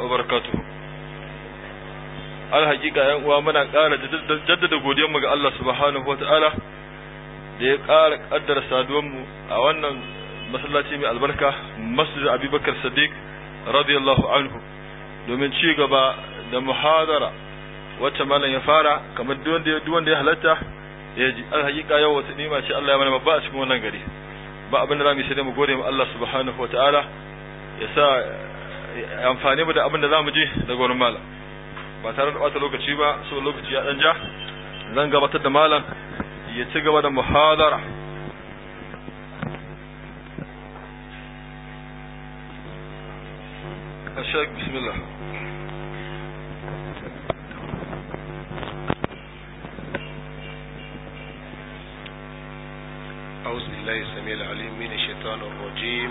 wabarakatuhu al hakika yan uwa muna ƙara jaddada godiyar mu ga Allah subhanahu wataala da ya ƙara kaddara saduwar mu a wannan masallaci mai albarka masjid Abubakar Sadiq radiyallahu anhu domin ci gaba da muhadara wacce mallan ya fara kamar duk wanda duk wanda ya halatta ya ji al hakika yau wata nima ce Allah ya mana babba a cikin wannan gari ba abin da zamu yi sai mu gode mu Allah subhanahu wataala ya sa amfani mu da abin da mu je daga wani malam ba tare da bata lokaci ba so lokaci ya dan ja zan gabatar da malam ya ci gaba da muhadara الشيخ بسم الله أعوذ بالله السميع العليم من الشيطان الرجيم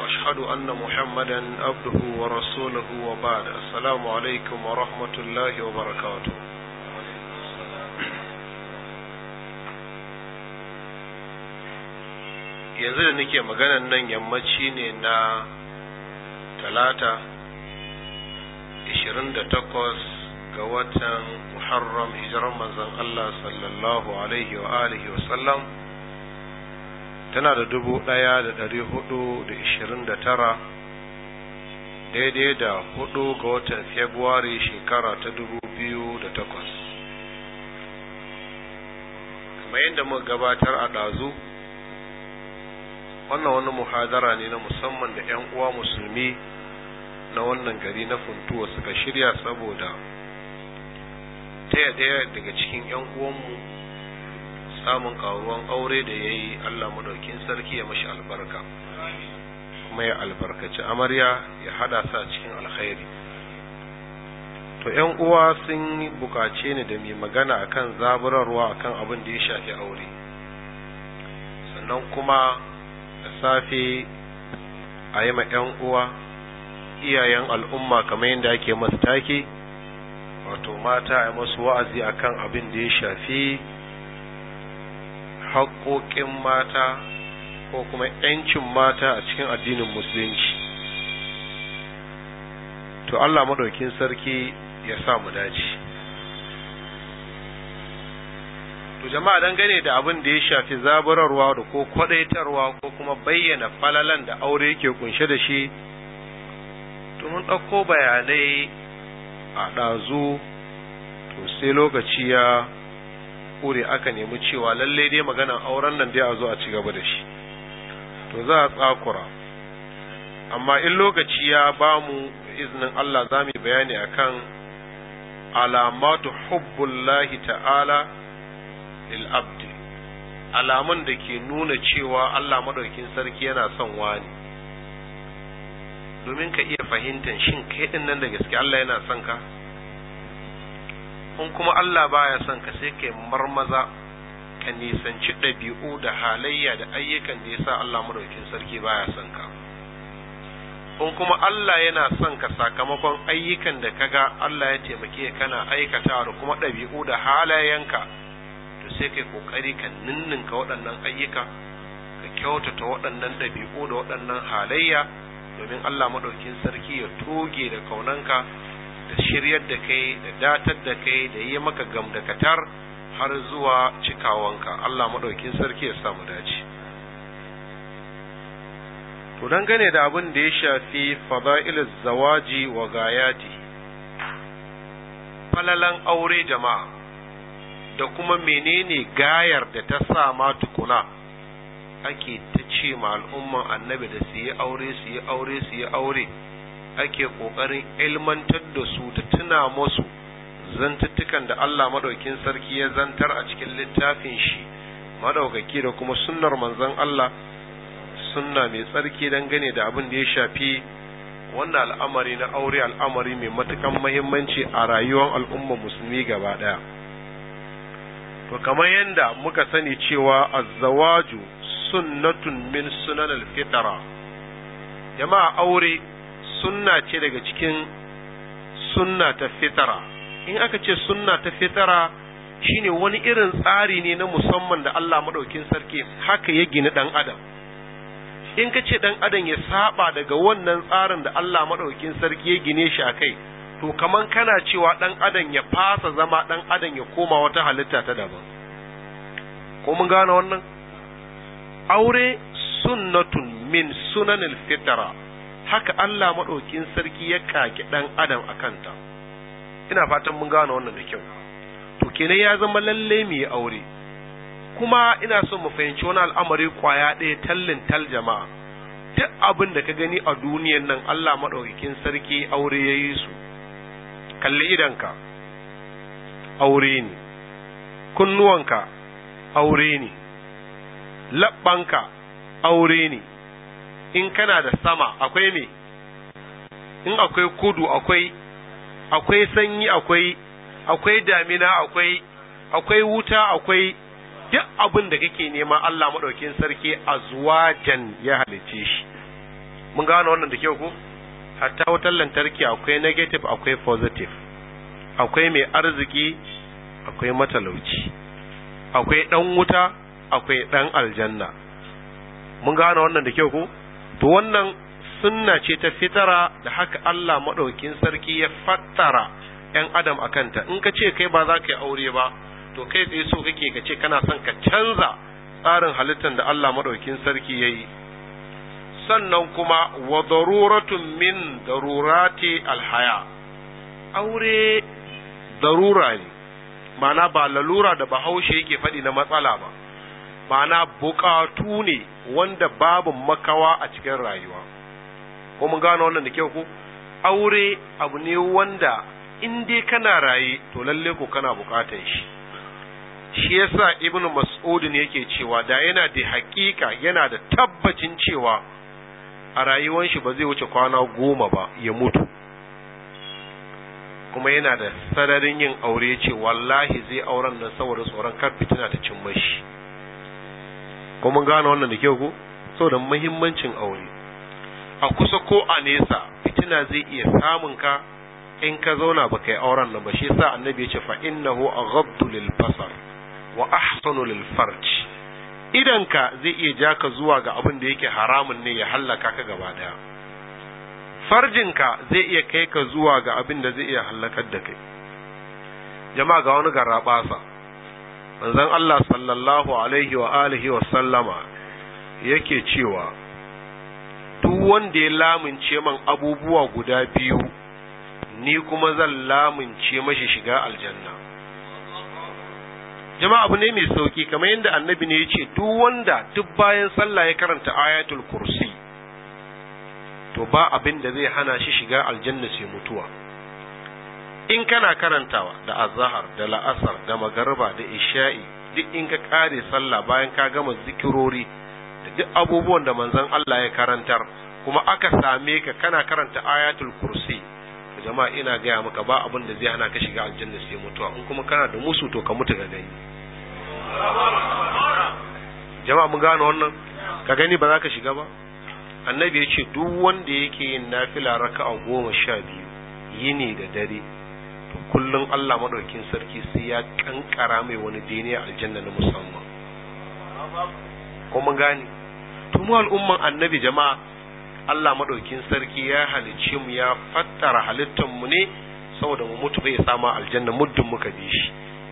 وأشهد أن محمدا عبده ورسوله وبعد السلام عليكم الله وبركاته yanzu da nake maganan nan yammaci ne na talata 28 ga watan muharram hijirar manzon Allah sallallahu alaihi wa alihi wa sallam tana da dubu ɗaya da ɗari hudu da ishirin da tara daidai da hudu ga watan februari shekara ta dubu biyu da takwas kamar yadda muka gabatar a ɗazu wannan wani muhadara ne na musamman da 'yan uwa musulmi na wannan gari na funtuwa suka shirya saboda taya ɗaya daga cikin 'yan uwanmu samun ƙaruwan aure da ya yi Allah madaukin sarki ya mashi albarka kuma ya albarkaci amarya ya hada sa cikin alkhairi to yan uwa sun bukace ni da mai magana akan zaburarwa akan abin da ya shafi aure sannan kuma da safe a yi ma yan uwa iyayen al'umma kamar yadda ake masu take wato mata a masu wa'azi akan abin da ya shafi haƙoƙin mata ko kuma 'yancin mata a cikin addinin musulunci to Allah maɗaukin sarki ya sa mu dace to jama'a dangane da abin da ya shafi zabararwa da ko kwadaitarwa ko kuma bayyana falalan da aure yake kunshe da shi to mun ɗauko bayanai a ɗazu to sai lokaci ya kore aka nemi cewa lallai dai maganan auren nan dai a zo a ci gaba da shi to za a tsakura amma in lokaci ya ba mu iznin Allah za mu bayani akan alamatu hubbullahi ta'ala lil abdi alamun da ke nuna cewa Allah madaukin sarki yana son wani domin ka iya fahimtar shin kai din nan da gaske Allah yana son ka in kuma Allah baya son ka sai kai marmaza ka nisanci ɗabi'u da halayya da ayyukan da yasa Allah madaukin sarki baya son ka in kuma Allah yana son ka sakamakon ayyukan da ka ga Allah ya taimake kana aikatawa da kuma ɗabi'u da halayenka to sai kai kokari ka ninninka waɗannan ayyuka ka kyautata waɗannan ɗabi'u da waɗannan halayya domin Allah madaukin sarki ya toge da kaunanka da shiryar da kai da datar da kai da yi maka gamdakatar har zuwa cikawanka Allah maɗaukin sarki ya samu dace to dangane da abin da ya shafi fada'il zawaji wa gayati falalan aure jama'a da kuma menene gayar da ta sa ma tukuna ake ta ce ma al'umman annabi da su yi aure su yi aure su yi aure ake ƙoƙarin ilmantar da su ta tuna musu zantuttukan da Allah madaukin sarki ya zantar a cikin littafin shi madaukaki da kuma sunnar manzon Allah sunna mai tsarki gane da abin da ya shafi wannan al'amari na aure al'amari mai matukan mahimmanci a rayuwar al'umma musulmi gaba ɗaya. to kamar yadda muka sani cewa azzawaju sunnatun min sunan alfitara jama'a aure sunna ce daga cikin sunna ta fitara in aka ce sunna ta fitara shine wani irin tsari ne na musamman da Allah madaukin sarki haka ya gina ɗan adam in ka ce dan adam ya saba daga wannan tsarin da Allah madaukin sarki ya gine shi akai to kaman kana cewa ɗan adam ya fasa zama ɗan adam ya koma wata halitta ta daban ko mun gane wannan aure sunnatun min sunanil fitara haka Allah maɗaukin sarki ya kaki ɗan adam a kanta ina fatan mun gane wannan da kyau to kenan ya zama lalle mu yi aure kuma ina so mu fahimci wani al'amari kwaya ɗaya tallin tal jama'a duk abin da ka gani a duniyan nan Allah maɗaukakin sarki aure ya yi su kalli idanka aure ne kunnuwanka aure ne laɓɓanka aure ne in kana da sama akwai me in akwai kudu akwai akwai sanyi akwai akwai damina akwai akwai wuta akwai duk abin da kake nema Allah madaukin sarki azwajan ya halice shi mun gano wannan da kyau ko hatta wutar lantarki akwai negative akwai positive akwai mai arziki akwai matalauci akwai ɗan wuta akwai ɗan aljanna mun gano wannan da kyau ko to wannan sunna ce ta fitara da haka Allah maɗaukin sarki ya fattara ‘yan adam a kanta in ka ce kai ba za ka yi aure ba to kai tsaye so kake ka ce kana son ka canza tsarin halittar da Allah maɗaukin sarki ya yi sannan kuma wa daruratun min darurati alhaya aure darura ne ma'ana ba lalura da bahaushe yake faɗi na matsala ba ma'ana buƙatu ne wanda babu makawa a cikin rayuwa ko mun gano wannan da kyau ko aure abu ne wanda in dai kana raye to lalle ko kana bukatan shi shi yasa ibnu mas'ud ne yake cewa da yana da haƙiƙa yana da tabbacin cewa a rayuwar shi ba zai wuce kwana goma ba ya mutu kuma yana da sararin yin aure ce wallahi zai auren nan saboda tsoron kar fitina ta cin mashi ko mun gane wannan da kyau ko saboda muhimmancin aure a kusa ko a nesa fitina zai iya samun ka in ka zauna ba kai auren nan ba shi yasa annabi ya ce fa innahu aghaddu lil basar wa ahsanu lil farj idan ka zai iya ja ka zuwa ga abin da yake haramun ne ya hallaka ka gaba daya farjinka zai iya kai ka zuwa ga abin da zai iya hallakar da kai jama'a ga wani sa manzon Allah sallallahu alaihi wa alihi wa sallama yake cewa duk wanda ya lamunce man abubuwa guda biyu ni kuma zan lamince mashi shiga aljanna jama'a abu ne mai sauki kamar yadda annabi ne ya ce duk wanda duk bayan sallah ya karanta ayatul kursi to ba abin da zai hana shi shiga aljanna sai mutuwa in kana karantawa da azahar da la'asar da magariba da isha'i duk in ka kare sallah bayan ka gama zikirori da duk abubuwan da manzon Allah ya karantar kuma aka same ka kana karanta ayatul kursi jama'a ina gaya maka ba abin da zai hana ka shiga aljanna sai mutuwa in kuma kana da musu to ka mutu ga gani jama'a mun gane wannan ka gani ba za ka shiga ba annabi ya ce duk wanda yake yin nafila raka'a goma sha biyu yini da dare kullum Allah madaukin sarki sai ya kankara mai wani bene aljanna na musamman kuma gani to mu al'umman annabi jama'a Allah madaukin sarki ya halice mu ya fattara halittar mu ne saboda mu mutu bai sama aljanna muddin muka bi shi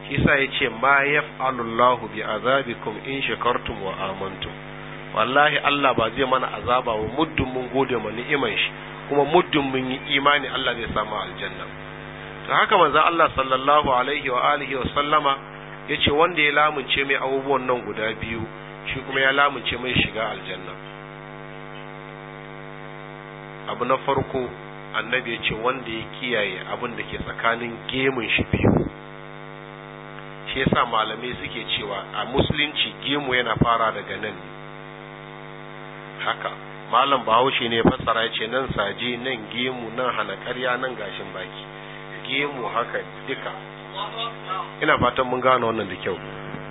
kisa yace ma yaf'alu Allahu bi azabikum in shakartum wa amantum wallahi Allah ba zai mana azaba wa muddin mun gode ma ni'iman shi kuma muddin mun yi imani Allah zai samu aljanna Da haka manzo Allah sallallahu alaihi wa alihi wa sallama yace wanda ya lamunce mai abubuwan nan guda biyu shi kuma ya lamunce mai shiga aljanna abu na farko annabi yace wanda ya kiyaye abin da ke tsakanin gemun shi biyu shi yasa malamai suke cewa a musulunci gemu yana fara daga nan haka malam bahaushe ne fassara ya ce nan saje nan gemu nan hana karya nan gashin baki gemu haka duka ina fatan mun gane wannan da kyau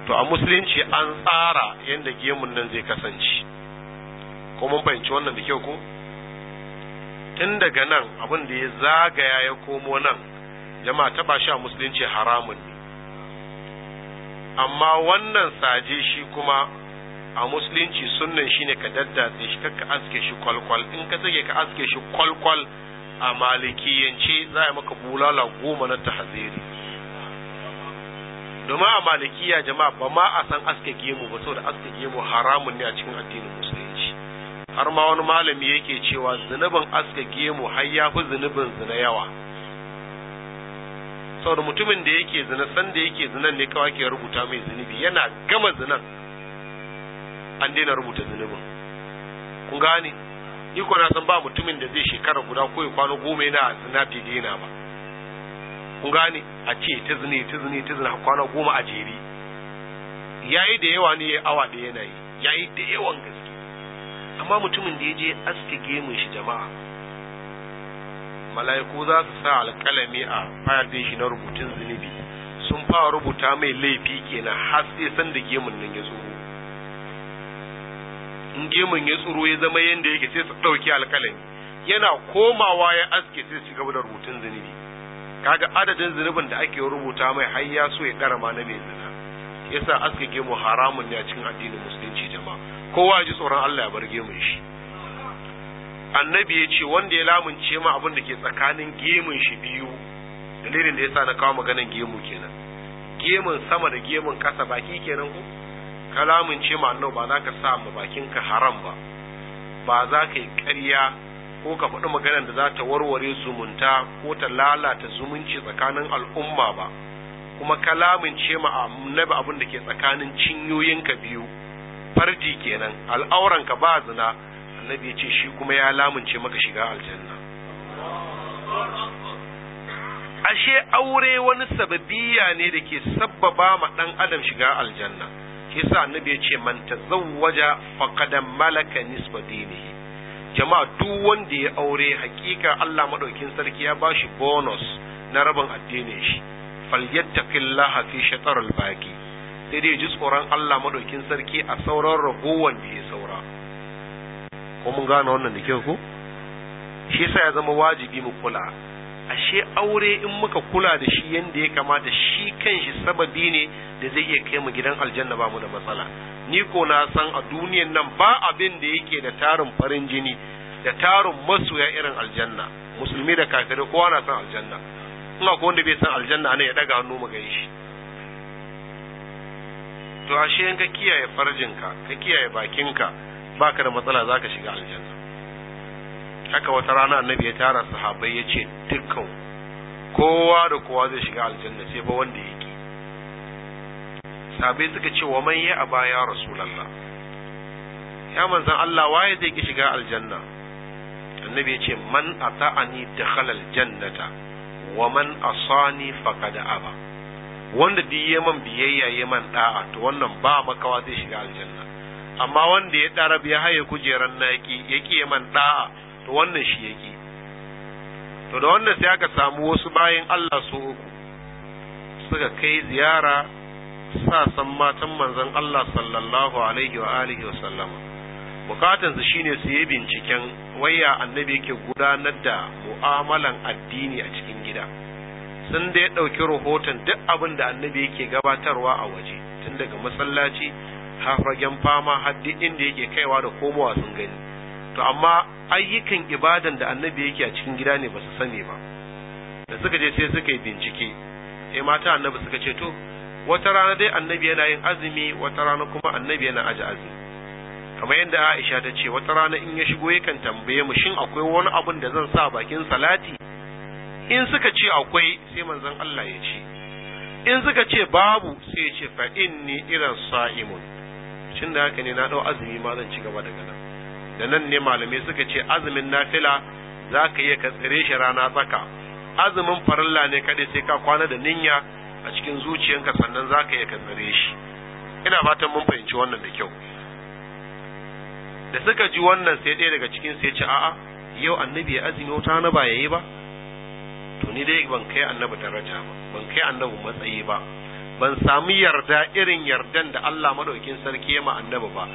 to a musulunci an tsara yadda gemun nan zai kasance ko mun fahimci wannan da kyau ko tun daga nan abin da ya zagaya ya komo nan jama'a taba shi a musulunci haramun ne amma wannan saje shi kuma a musulunci sunnan shine ka daddatse shi kakka aske shi kwalkwal in ka sake ka aske shi kwalkwal a malikiyance za a maka bulala goma na tahziri domin a malikiya jama'a ba ma a san aske gemu ba saboda aske gemu haramun ne a cikin addinin musulunci har ma wani malami yake cewa zunubin aske gemu har ya fi zunubin zina yawa saboda mutumin da yake zina san da yake zinan ne kawai ke rubuta mai zunubi yana gama zinan an daina rubuta zunubin kun gane ni ko na san ba mutumin da zai shekara guda ko ya kwana goma yana zina bai daina ba kun gane a ce ta zini ta zini ta zina kwana goma a jere yayi da yawa ne awa da yana yi yayi da yawan gaske amma mutumin da ya je aske gemun shi jama'a mala'iku za su sa alƙalami a fayar shi na rubutun zunubi sun fara rubuta mai laifi kenan har sai san da gemun nan ya zo in gemun ya tsoro ya zama yanda yake sai su ɗauki alkalami yana komawa ya aske sai su gaba da rubutun zunubi kaga adadin zunubin da ake rubuta mai har ya so ya karama na mai zina yasa aske gemu haramun ne a cikin addinin musulunci jama'a kowa ya ji tsoron Allah ya bar gemun shi annabi ya ce wanda ya lamunce ma abin da ke tsakanin gemun shi biyu dalilin da yasa na kawo maganan gemu kenan gemun sama da gemun kasa baki kenan ko ka ce ma annabi ba za ka sa ma bakinka haram ba ba za ka yi ƙarya ko ka faɗi maganar da za ta warware zumunta ko ta lalata zumunci tsakanin al'umma ba kuma ka ce ma annabi abin da ke tsakanin cinyoyin ka biyu farji kenan al'auranka ba zina annabi ya ce shi kuma ya lamunce maka shiga aljanna ashe aure wani sababiya ne da ke sabbaba ma ɗan adam shiga aljanna yasa annabi ya ce man tazawwaja faqad malaka nisba dinihi jama'a duk wanda ya aure hakika Allah madaukin sarki ya bashi bonus na rabin addinin shi falyattaqillaha fi shatar baqi sai dai ji tsoron Allah madaukin sarki a sauran ragowan da ya saura ko mun gane wannan da ke ko shi yasa ya zama wajibi mu kula ashe aure in muka kula da shi yadda ya kamata shi kanshi sababi ne da zai iya kai mu gidan aljanna ba mu da matsala ni ko na san a duniyan nan ba abin da yake da tarin farin jini da tarin masoya irin aljanna musulmi da kafiri kowa na san aljanna ina ko wanda bai san aljanna ne ya daga hannu mu gani shi to ashe in ka kiyaye farjinka ka kiyaye bakinka baka da matsala zaka shiga aljanna haka wata rana annabi ya tara sahabbai ya ce dukkan kowa da kowa zai shiga aljanna sai ba wanda ya ki sahabbai suka ce wa man ya aba ya rasulallah ya manzan Allah waye zai ki shiga aljanna annabi ya ce man ata'ani dakhala aljannata wa man asani faqad aba wanda duk ya man biyayya ya man da'a to wannan ba makawa zai shiga aljanna amma wanda ya tarabi ya haye kujeran naki ya man da'a to wannan shi yake to da wannan sai aka samu wasu bayan Allah su uku suka kai ziyara sa san matan manzon Allah sallallahu alaihi wa alihi wa sallama bukatan su shine su yi binciken waya annabi yake gudanar da mu'amalan addini a cikin gida sun da ya ɗauki rahoton duk abin da annabi yake gabatarwa a waje tun daga masallaci har fagen fama har duk inda yake kaiwa da komowa sun gani to amma ayyukan ibadan da annabi yake a cikin gida ne ba su sani ba da suka je sai suka yi bincike sai mata annabi suka ce to wata rana dai annabi yana yin azumi wata rana kuma annabi yana aji azumi kamar yadda Aisha ta ce wata rana in ya shigo yakan tambaye mu shin akwai wani abun da zan sa bakin salati in suka ce akwai sai manzon Allah ya ce in suka ce babu sai ya ce fa inni irin sa'imun shin da haka ne na dau azumi ma zan ci gaba daga nan da nan ne malamai suka ce azumin nafila za ka iya ka tsire shi rana tsaka azumin farilla ne kada sai ka kwana da ninya a cikin zuciyanka sannan za ka iya ka tsire shi ina fatan mun fahimci wannan da kyau da suka ji wannan sai ɗaya daga cikin sai ce a'a yau annabi ya azumi wata na ba yayi ba to ni dai ban kai annabi daraja ba ban kai annabi matsayi ba ban sami yarda irin yardan da Allah madaukin sarki ya ma annabi ba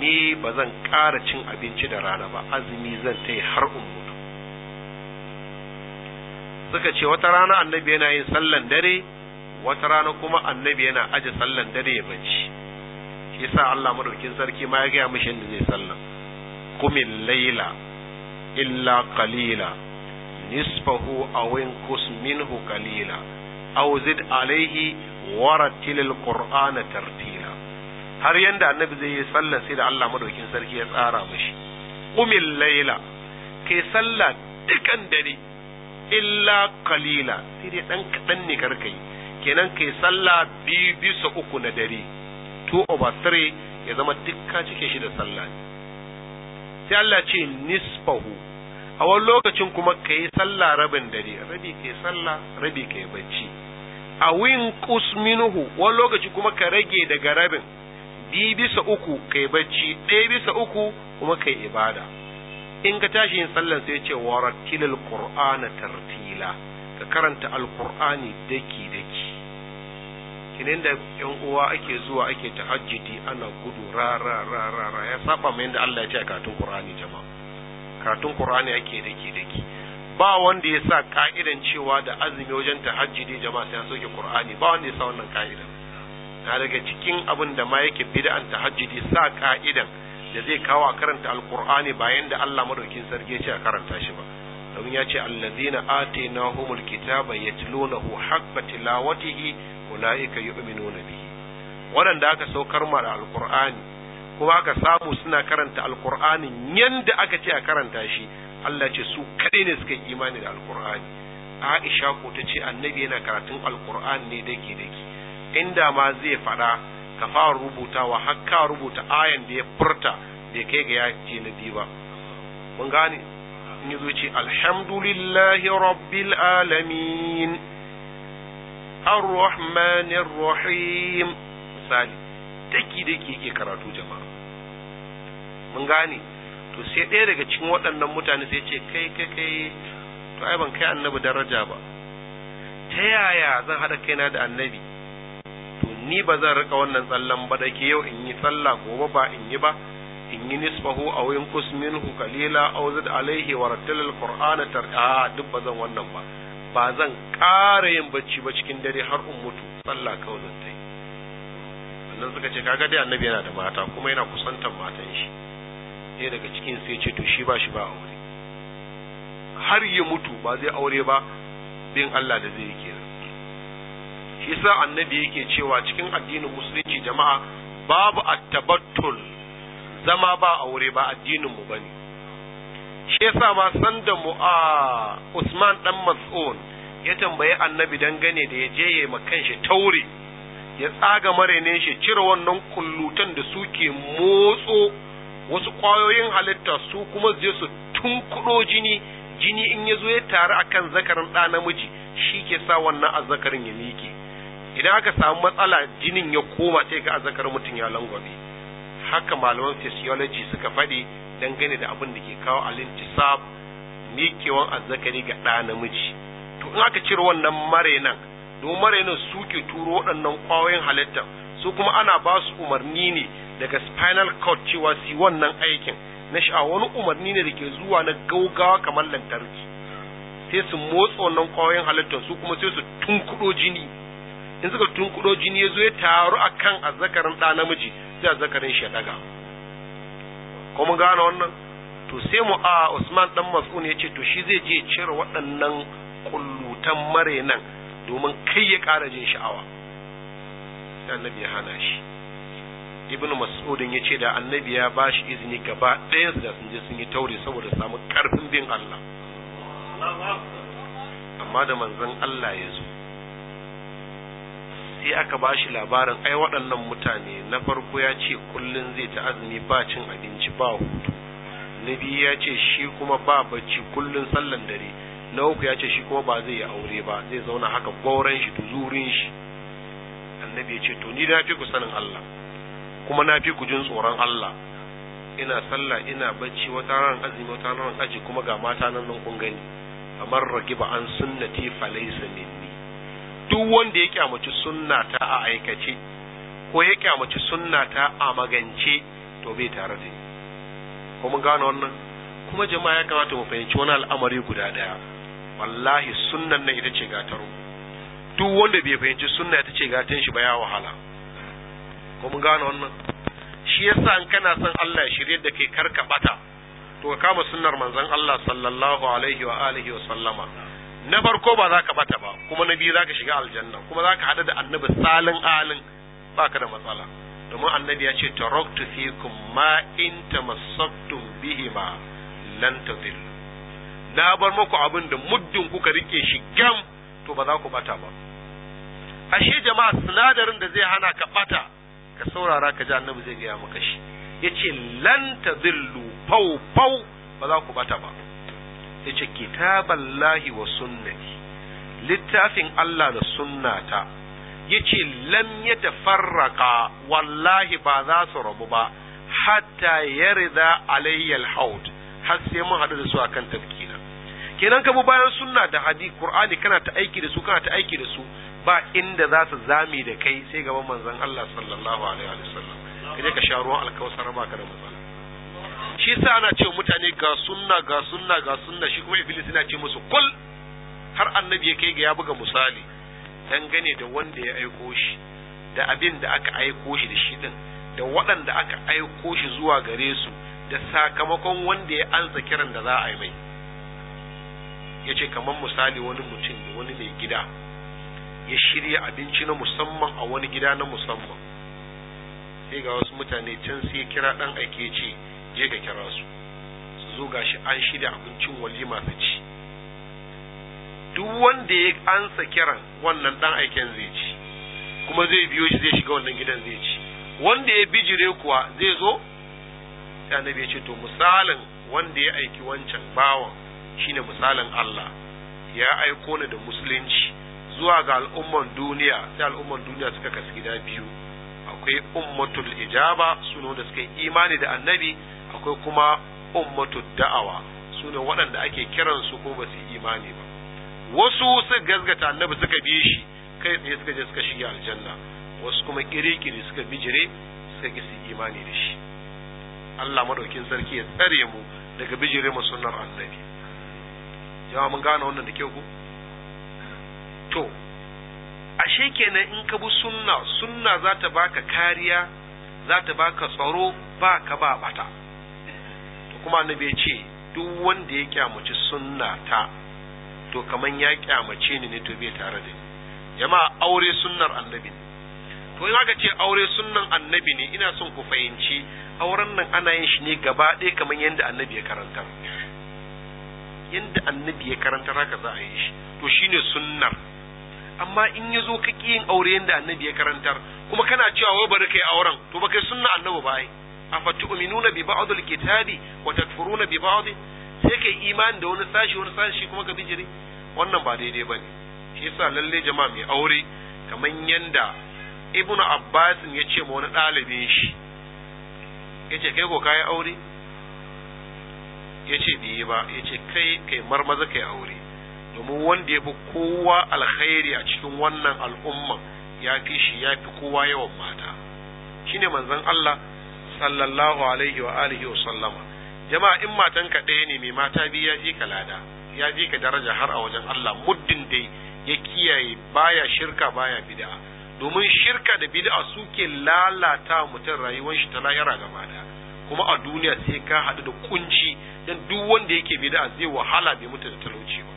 Ni ba zan ƙara cin abinci da rana ba azumi zan ta yi har in mutu suka ce wata rana annabi yana yin sallan dare wata rana kuma annabi yana aje sallan dare ya bacci shi yasa Allah madaukin sarki ma ya gaya mishi da zai sallan kumil laila illa qalila nisfahu aw inqus minhu qalila aw zid alayhi waratil qur'ana tartila har yanda annabi zai yi sallar sai da Allah madaukin sarki ya tsara mashi umil laila kai sallah dukan dare illa qalila sai dai dan kadan ne karkai kenan kai sallah bi bisa uku na dare to over three ya zama dukka cike shi da sallah sai Allah ce nisfahu a wani lokacin kuma kai sallah rabin dare rabi kai sallah rabi kai bacci a win minhu wani lokaci kuma ka rage daga rabin biyu bisa uku kai bacci ɗaya bisa uku kuma kai ibada in ka tashi yin sallar sai ce wa rattilil qur'ana tartila ka karanta alqur'ani daki daki kinin da yan uwa ake zuwa ake tahajjudi ana gudu ra ra ra ra, ra. ya saba mai yadda Allah ya ce karatun qur'ani jama'a karatun qur'ani ake daki daki ba wanda ya sa ka'idan cewa da azumi wajen tahajjudi jama'a sai ya soke qur'ani ba wanda ya sa wannan ka'idan na daga cikin abin da ma yake bid'an tahajjudi sa ka'idan da zai kawo a karanta alqur'ani bayan da Allah madaukin sarki ya ce a karanta shi ba domin ya ce allazina atainahumul kitaba yatlunahu haqqa tilawatihi ulaika yu'minuna bihi waɗanda aka saukar ma da alqur'ani kuma aka samu suna karanta alqur'ani yanda aka ce a karanta shi Allah ce su kaɗai ne suka yi imani da alqur'ani Aisha ko ta ce annabi yana karatun alqur'ani ne dake dake inda ma zai faɗa ka fara rubutawa har ka rubuta ayan da ya furta bai kai ga ya na biyu ba mun gane in zo ce alhamdulillahi rabbil alamin arrahmanir rahim misali daki daki yake karatu jama'a mun gane to sai ɗaya daga cikin waɗannan mutane sai ce kai kai kai to ai ban kai annabi daraja ba ta yaya zan haɗa kaina da annabi ni ba zan rika wannan tsallan ba da yau in yi tsalla gobe ba in yi ba in yi nisfahu a wurin kusmin kalila aw zid alaihi wa rattil alqur'ana a duk ba zan wannan ba ba zan ƙara yin bacci ba cikin dare har in mutu tsalla kawai zan tai wannan suka ce kaga dai annabi yana da mata kuma yana kusantar matan shi ɗaya daga cikin sai ce to shi ba shi ba aure har ya mutu ba zai aure ba bin Allah da zai yi kenan shi yasa annabi yake cewa cikin addinin musulunci jama'a babu attabattul zama ba aure ba addinin mu bane shi yasa ma san da mu a Usman dan Mas'un ya tambayi annabi dangane da ya je ya ma shi taure ya tsaga marainin shi cire wannan kullutan da suke motso wasu kwayoyin halitta su kuma je su tunkuɗo jini jini in ya zo ya taru akan zakarin ɗa namiji shi ke sa wannan azzakarin ya miƙe idan aka samu matsala jinin ya koma sai ga azakar mutum ya langwabe haka malaman physiology suka faɗi dangane da abin da ke kawo alintisab mikewan azzakari ga ɗa namiji to in aka cire wannan mare nan don nan su ke turo waɗannan kwayoyin halitta su kuma ana ba su umarni ne daga spinal cord cewa su wannan aikin na sha'a wani umarni ne da ke zuwa na gaugawa kamar lantarki sai su motsa wannan kwayoyin halittar su kuma sai su tunkuɗo jini in suka tunkudo jini ya zo ya taru a akan azzakarin ɗa namiji sai azzakarin shi ya daga ko mun gane wannan to sai mu a Usman ɗan Mas'un ya ce to shi zai je cire waɗannan kullutan mare nan domin kai ya ƙara jin sha'awa sai annabi ya hana shi ibnu mas'udin ya ce da annabi ya ba shi izini gaba ɗayansu da sun je sun yi taure saboda samu ƙarfin bin Allah amma da manzon Allah ya zo sai aka ba shi labarin ai waɗannan mutane na farko ya ce kullum zai ta azumi ba cin abinci ba hutu na biyu ya ce shi kuma ba bacci kullum sallan dare na uku ya ce shi kuma ba zai yi aure ba zai zauna haka gauran shi tuzurin shi annabi ya ce to ni na fi ku sanin Allah kuma na fi ku jin tsoron Allah ina sallah ina bacci wata ran azumi wata ran aji kuma ga mata nan nan kun gani Amar ragiba an sunnati falaysa minni duk wanda ya kyamaci sunna ta a aikace ko ya kyamaci sunna ta a magance to bai tare da ni ko mun gano wannan kuma jama'a ya kamata mu fahimci wani al'amari guda daya wallahi sunnan nan ita ce gatar duk wanda bai fahimci sunna ita ce gatar shi ba ya wahala ko mun gano wannan shi yasa in kana son Allah ya shirye da kai karka bata to ka kama sunnar manzon Allah sallallahu alaihi wa alihi wa sallama na farko ba za ka bata ba kuma na biyu za ka shiga aljanna kuma za ka haɗu da annabi salin alin ba ka da matsala domin annabi ya ce taraktu fikum ma in tamassaktum bihima lan tadillu na bar muku abin da muddin kuka rike shi gam to ba za ku bata ba ashe jama'a sinadarin da zai hana ka bata ka saurara ka ji annabi zai gaya maka shi yace lan tadillu fau fau ba za ku bata ba sai ce kitaballahi wa sunnati littafin Allah da sunnata yace lam yatafarraqa wallahi ba za su rabu ba hatta yarda Alayyal alhaud har sai mun haɗu da su akan tafkina kenan ka bayan sunna da hadi qur'ani kana ta aiki da su kana ta aiki da su ba inda za su zame da kai sai gaban manzon Allah sallallahu alaihi wasallam kaje ka sha ruwan alkawsar ba ka da matsala shi sa ana ce mutane ga sunna ga sunna ga sunna shi kuma iblis yana ce musu kul har annabi ya kai ga ya buga misali gane da wanda ya aiko shi da abin da aka aiko shi da shi din da waɗanda aka aiko shi zuwa gare su da sakamakon wanda ya ansa kiran da za a yi mai ya ce kamar misali wani mutum ne wani mai gida ya shirya abinci na musamman a wani gida na musamman sai ga wasu mutane can sai kira dan aike ce je ka kira su su zo gashi an shirya abincin walima su ci duk wanda ya ansa kiran wannan dan aiken zai ci kuma zai biyo shi zai shiga wannan gidan zai ci wanda ya bijire kuwa zai zo ya na ce to misalin wanda ya aiki wancan bawan shine misalin Allah ya aiko ni da musulunci zuwa ga al'umman duniya sai al'umman duniya suka kasu gida biyu akwai ummatul ijaba suno da suka imani da annabi akwai kuma ummatu da'awa su ne waɗanda ake kiransu ko ba su imani ba wasu su gazgata annabi suka bi shi kai tsaye suka je suka shige aljanna wasu kuma kirikiri suka bijire suka ki su imani da shi Allah madaukin sarki ya tsare mu daga bijire mu sunnar annabi jama mun gane wannan da kyau ku to ashe kenan in ka bi sunna sunna za ta baka kariya za ta baka tsaro ba ka ba bata kuma annabi ya ce duk wanda ya kyamaci sunna ta to kaman ya kyamace ni ne to bai tare da ni jama'a aure sunnar annabi ne to in aka ce aure sunnan annabi ne ina son ku fahimci auren nan ana yin shi ne gaba ɗaya kamar yadda annabi ya karantar yadda annabi ya karantar haka za a yi shi to shine sunnar amma in ya zo ka yin aure yadda annabi ya karantar kuma kana cewa wai bari kai auren to ba kai sunna annabi ba ai afatu'minuna bi ba'd al-kitabi wa takfuruna bi ba'd sai kai imani da wani sashi wani sashi kuma ka bijire wannan ba daidai bane shi yasa lalle jama'a mai aure kamar yanda ibnu abbas ya ce ma wani dalibin shi yace kai ko kai aure yace bi ba yace kai kai marmaza kai aure domin wanda ya fi kowa alkhairi a cikin wannan al'umma ya fi shi ya fi kowa yawan mata shine manzon Allah sallallahu alaihi wa alihi wa sallama jama'a in matan ka ɗaya ne mai mata biyu ya je ka lada ya je ka daraja har a wajen Allah muddin dai ya kiyaye baya shirka baya bid'a domin shirka da bid'a suke lalata mutum rayuwar shi ta lahira gaba da kuma a duniya sai ka haɗu da kunci dan duk wanda yake bid'a zai wahala bai mutu da talauci ba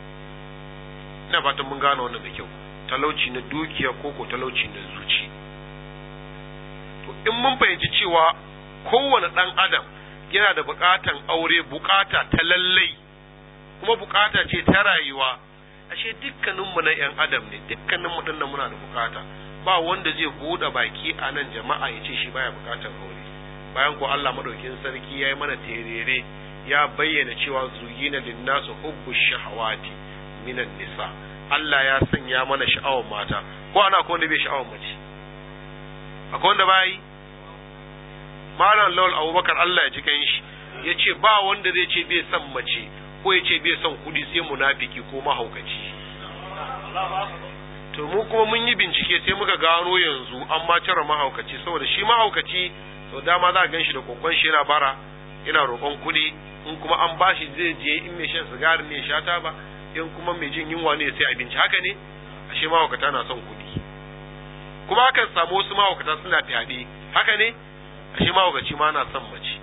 ina fatan mun gane wannan da kyau talauci na dukiya ko ko talauci na zuci to in mun fahimci cewa kowane ɗan adam yana da buƙatan aure buƙata ta lallai kuma buƙata ce ta rayuwa ashe dukkaninmu na 'yan adam ne dukkaninmu ɗin nan muna da buƙata ba wanda zai buɗe baki a nan jama'a ya ce shi baya buƙatan aure bayan ko Allah madaukin sarki ya yi mana terere ya bayyana cewa zuyina linnasu hubbu shahawati minan nisa Allah ya sanya mana sha'awar mata ko ana ko ne bai sha'awar mace akwai wanda bai malam lawal abubakar Allah ya ji kan shi ya ce ba wanda zai ce bai son mace ko ya ce bai son kuɗi sai munafiki ko mahaukaci to mu kuma mun yi bincike sai muka gano yanzu an ma cire mahaukaci saboda shi mahaukaci sau dama za a gan shi da kokon shi yana bara yana roƙon kuɗi in kuma an bashi zai je in mai shan sigari ne sha ta ba in kuma mai jin yunwa ne sai abinci haka ne a shi mahaukata na son kuɗi kuma akan samu wasu mahaukata suna fyaɗe haka ne ashe mahaukaci ma na son mace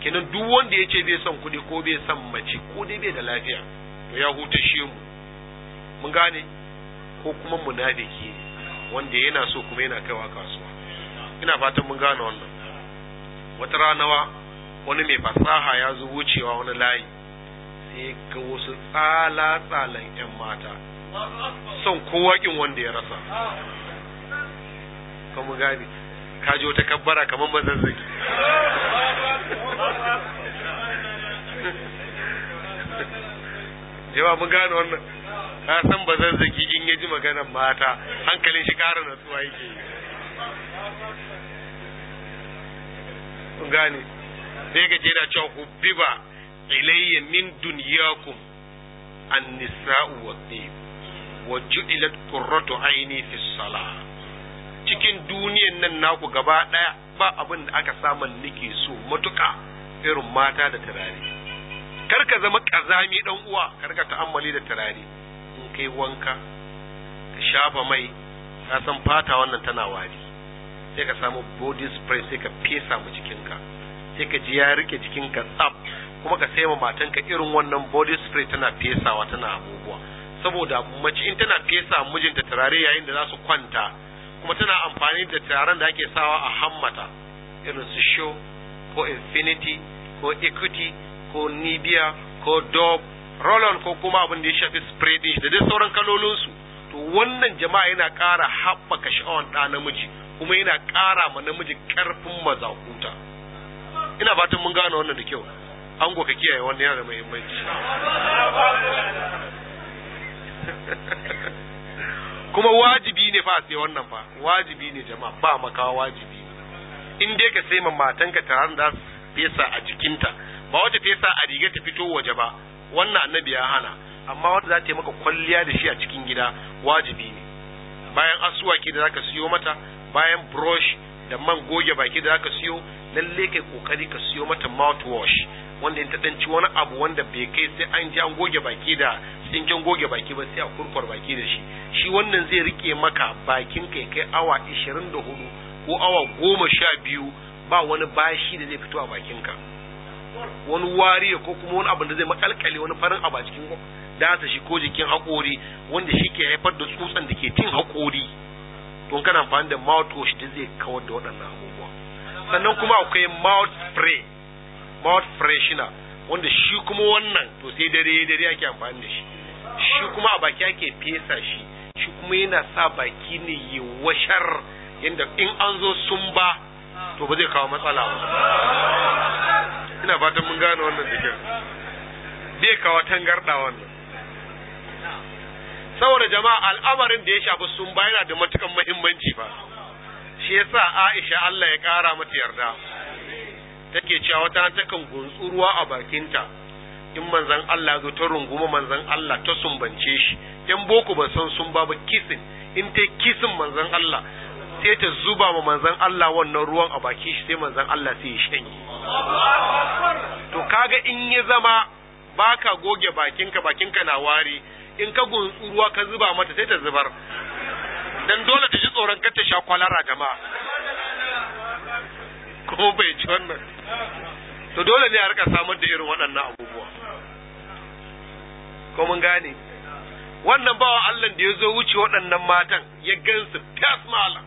kenan duk wanda ya ce bai son kuɗi ko bai son mace ko dai bai da lafiya to ya hutashe mu mun gane ko kuma munafiki wanda yana so kuma yana kaiwa kasuwa ina fatan mun gane wannan wata ranawa wani mai fasaha ya zo wucewa wani layi sai ga wasu tsala tsalan yan mata son kowakin wanda ya rasa kuma gane kajo ta wata kabbara kamar mazazzaki jama mun gane wannan ka san bazazzaki in ya ji maganar mata hankalin shi ƙara natsuwa yake mun gane sai ka ce da cewa hubbiba ilayya min dunyakum an nisa'u wa tib wa ju'ilat qurratu aini fi salah cikin duniyan nan naku gaba ɗaya ba abin da aka samun nake so matuƙa irin mata da turare kar ka zama ƙazami ɗan uwa kar ka ta'ammali da turare in kai wanka ka shafa mai ka san fata wannan tana wari sai ka samu body spray sai ka fesa mu jikinka sai ka ji ya rike jikinka tsaf kuma ka sai ma matanka irin wannan body spray tana fesawa tana abubuwa saboda mace in tana fesa mijinta turare yayin da za su kwanta kuma tana amfani da turaren da ake sawa a hammata irin su show ko infinity ko equity ko nibia ko dob rollon ko kuma abin da ya shafi spray din da dai sauran kalolinsu to wannan jama'a yana kara haɓaka sha'awar ɗa namiji kuma yana kara ma namiji ƙarfin mazakuta ina fatan mun gane wannan da kyau an ka kiyaye wannan yana da muhimmanci kuma wajibi ne fa sai wannan fa wajibi ne jama'a ba makawa wajibi in dai ka sai ma matanka taron da fesa a jikinta ba wata fesa a riga ta fito waje ba wannan annabi ya hana amma wata za ta yi maka kwalliya da shi a cikin gida wajibi ne bayan ke da zaka siyo mata bayan brush da man goge baki da zaka siyo lalle kai kokari ka siyo mata mouthwash wanda in ta danci wani abu wanda bai kai sai an ji an goge baki da tsinken goge baki ba sai a kurkur baki da shi shi wannan zai rike maka bakin kai kai awa 24 ko awa 12 ba wani bashi da zai fito a bakinka wani wari ko kuma wani abu da zai makalkale wani farin abu a cikin data shi ko jikin haƙori wanda shi ke haifar da tsutsan da ke tin haƙori to kana amfani da mouth wash da zai kawar da waɗannan abubuwa sannan kuma akwai mouth spray mouth freshener wanda shi kuma wannan to sai dare dare ake amfani da shi shi kuma a baki ake fesa shi shi kuma yana sa baki ne ya washar yadda in an zo sun ba to ba zai kawo matsala ba ina fatan mun gane wannan da kyau bai kawo tangarɗa wannan saboda jama'a al'amarin da ya shafi sun ba yana da matukan muhimmanci ba shi yasa Aisha Allah ya kara mata yarda take cewa wata takan kan ruwa a bakinta in manzon Allah zo ta runguma manzon Allah ta sumbance shi yan boko ba san sun ba ba kisin in ta kisin manzon Allah sai ta zuba ma manzon Allah wannan ruwan a baki shi sai manzon Allah sai ya shanye to kaga in ya zama baka goge bakinka bakinka na wari in ka ruwa ka zuba mata sai ta zubar dan dole ta ji tsoron kar ta sha kwalara jama'a ko bai ci wannan to dole ne a rika samar da irin waɗannan abubuwa ko mun gane wannan bawa Allah da ya zo wuce waɗannan matan ya gansu tas malam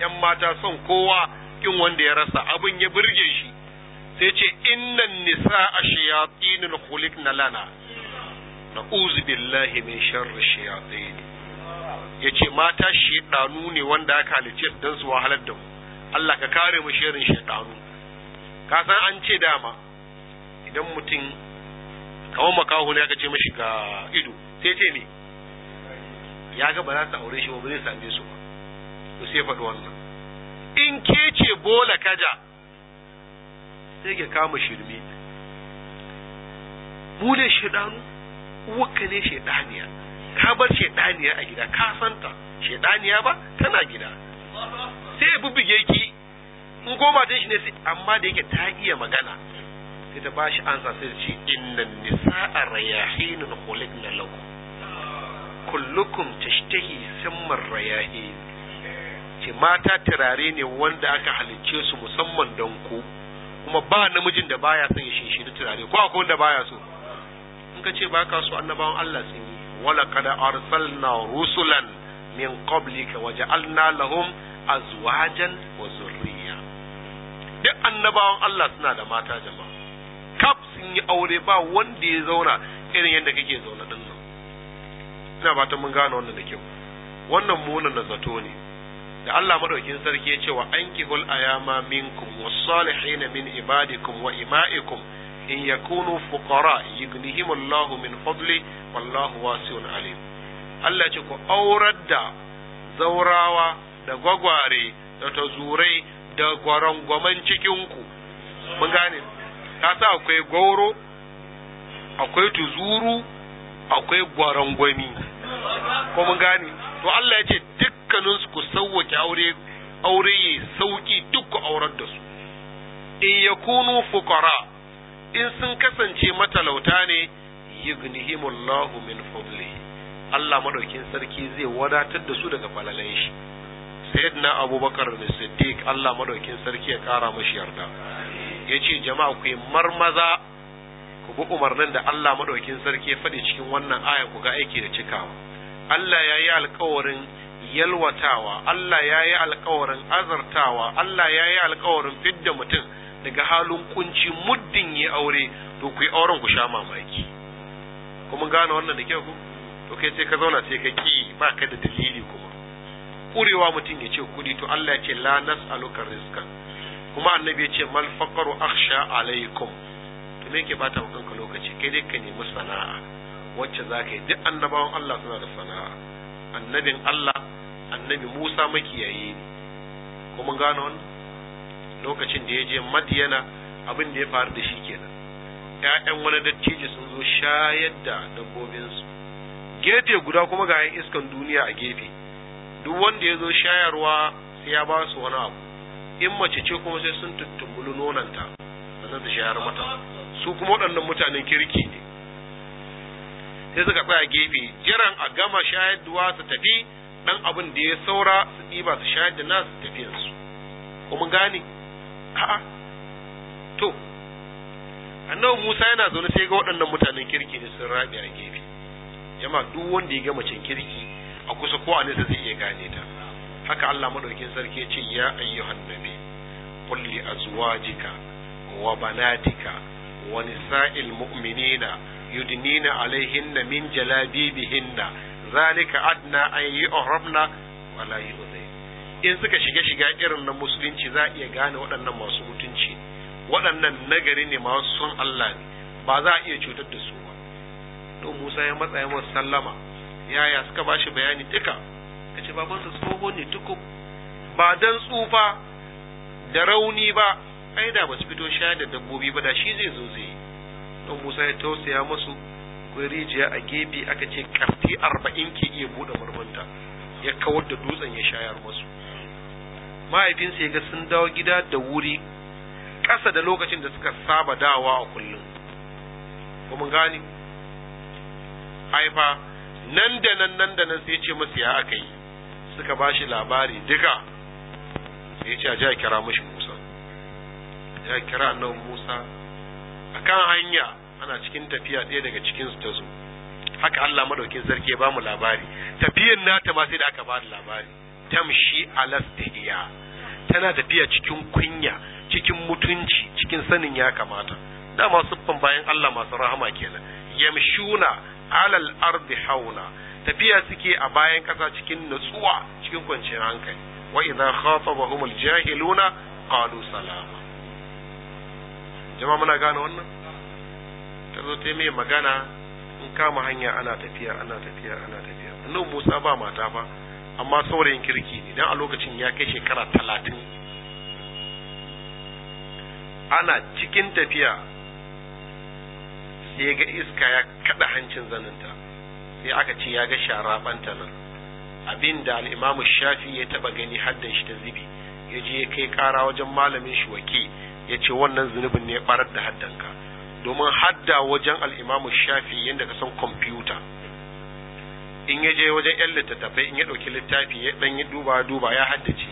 yan mata son kowa kin wanda ya rasa abin ya burge shi sai ce innan nisa a shayatinul khuliqna lana na'uzu billahi min sharri shayatin yace mata shedanu ne wanda aka halice dan su wahalar da mu Allah ka kare mu shi shedanu ka san an ce dama idan mutum kawo makaho ne aka ce mashi ga ido sai ce ne ya ga ba za ta aure shi ba zai same su ba to sai faɗi wannan in ke ce bola kaja sai ke kama shirme mu ne ɗanu. uwarka ne shaidaniya ka bar shaidaniya a gida ka santa shaidaniya ba tana gida sai ya bubbuge ki in goma din shi ne amma da yake ta iya magana sai ta bashi ansa sai ce innan nisa'a rayahinun khuliqna lakum kullukum tashtahi samman rayahi ce mata turare ne wanda aka halicce su musamman don ku kuma ba namijin da baya son ya shinshiri turare ko akwai wanda baya so suka ce baka so annabawan Allah sun yi wala kada arsalna rusulan min qablika waja'alna lahum azwajan wa zurriya duk annabawan Allah suna da mata jama'a kaf sun yi aure ba wanda ya zauna irin yadda kake zauna din nan ina fatan mun gane wannan da kyau wannan munan na zato ne da Allah madaukin sarki ya ce wa ankihul ayama minkum was salihin min ibadikum wa ima'ikum in yakunu fuqara yughnihim Allah min fadli wallahu wasi'un alim Allah ce ku aurar da zaurawa da gwagware da tazurai da gwarangwaman cikin ku mun gane ka sa akwai gauro akwai tuzuru akwai gwarangwami ko mun gane to Allah ya ce dukkanin su ku sauwake aure aure yi sauki duk ku aurar da su in yakunu fuqara in sun kasance matalauta ne yughnihimullahu min fadli Allah madaukin sarki zai wadatar da su daga falalan shi sayyidina abubakar da siddiq Allah madaukin sarki ya kara mashi yarda yace jama'a ku yi marmaza ku bi umarnin da Allah madaukin sarki ya faɗi cikin wannan aya ku ga aiki da cikawa Allah ya yi alkawarin yalwatawa Allah ya yi alkawarin azartawa Allah ya yi alkawarin fidda mutum daga halin kunci muddin yi aure to ku yi auren ku sha mamaki kuma gane wannan da kyau ku to kai sai ka zauna sai ka ki ba ka da dalili kuma kurewa mutum ya ce kuɗi to Allah ya ce la nas'aluka rizqan kuma annabi ya ce mal faqru akhsha alaikum to me yake bata wa kanka lokaci kai dai ka nemi sana'a wacce za ka yi duk annabawan Allah suna da sana'a annabin Allah annabi Musa makiyayi ne kuma gane wannan lokacin da ya je madiyana abin da ya faru da shi kenan ƴaƴan wani dattijo sun zo shayar da dabbobinsu gefe guda kuma ga yan iskan duniya a gefe duk wanda ya zo shayarwa sai ya ba su wani abu in mace ce kuma sai sun tuttumbulu nonanta sannan su shayar mata su kuma waɗannan mutanen kirki ne sai suka tsaya gefe jiran a gama shayar shayarwa su tafi dan abin da ya saura su ɗiba su shayar da nasu tafiyansu kuma gane a'a to annabi Musa yana zaune sai ga waɗannan mutanen kirki ne sun rabi a gefe jama duk wanda ya ga macen kirki a kusa ko a nesa zai iya gane ta haka Allah madaukin sarki ya ce ya ayyuhan nabi qul li azwajika wa banatika wa nisa'il mu'minina yudnina alaihinna min jalabibihinna zalika adna an yu'rabna wala la in suka shiga shiga irin na musulunci za a iya gane waɗannan masu mutunci waɗannan nagari ne masu son Allah ne ba za a iya cutar da su ba to Musa ya matsa ya sallama yaya suka ba shi bayani duka ya ce babansa tsoho ne tukub ba dan tsufa da rauni ba ai da ba su fito shayar da dabbobi ba da shi zai zo zai to Musa ya tausaya masu rijiya a gefe aka ce karti arba'in ke iya buɗe murmunta ya kawar da dutsen ya shayar masu mahaifinsa ya ga sun dawo gida da wuri ƙasa da lokacin da suka saba dawa a kullum kuma gani haifa nan da nan nan da nan sai ce masu ya aka yi suka ba shi labari duka sai ce a ji a kira mashi musa ya kira nan musa a kan hanya ana cikin tafiya ɗaya daga cikinsu ta zo haka allah maɗaukin sarki ya ba mu labari tafiyan nata ma sai da aka ba da labari tamshi alastiya tana tafiya cikin kunya cikin mutunci cikin sanin ya kamata dama siffan bayan Allah masu rahama kenan yamshuna alal ardi hauna tafiya suke a bayan ƙasa cikin nutsuwa cikin kwanciyar hankali wa idza khatabahum aljahiluna qalu salama jama'a muna gane wannan ta zo ta mai magana in kama hanya ana tafiya ana tafiya ana tafiya annabi Musa ba mata ba. amma saurayin kirki idan a lokacin ya kai shekara talatin ana cikin tafiya sai ga iska ya kaɗa hancin zaninta sai aka ce ya ga sharaɓanta nan abin da al'imamu shafi ya taɓa gani haddan shi ta zibi ya je ya kai ƙara wajen malamin shi wake ya ce wannan zunubin ne ya ɓarar da haddanka domin hadda wajen al'imamu shafi yadda ka san kwamfuta in ya je wajen yan littattafai in ya ɗauki littafi ya ɗan yi duba duba ya haddace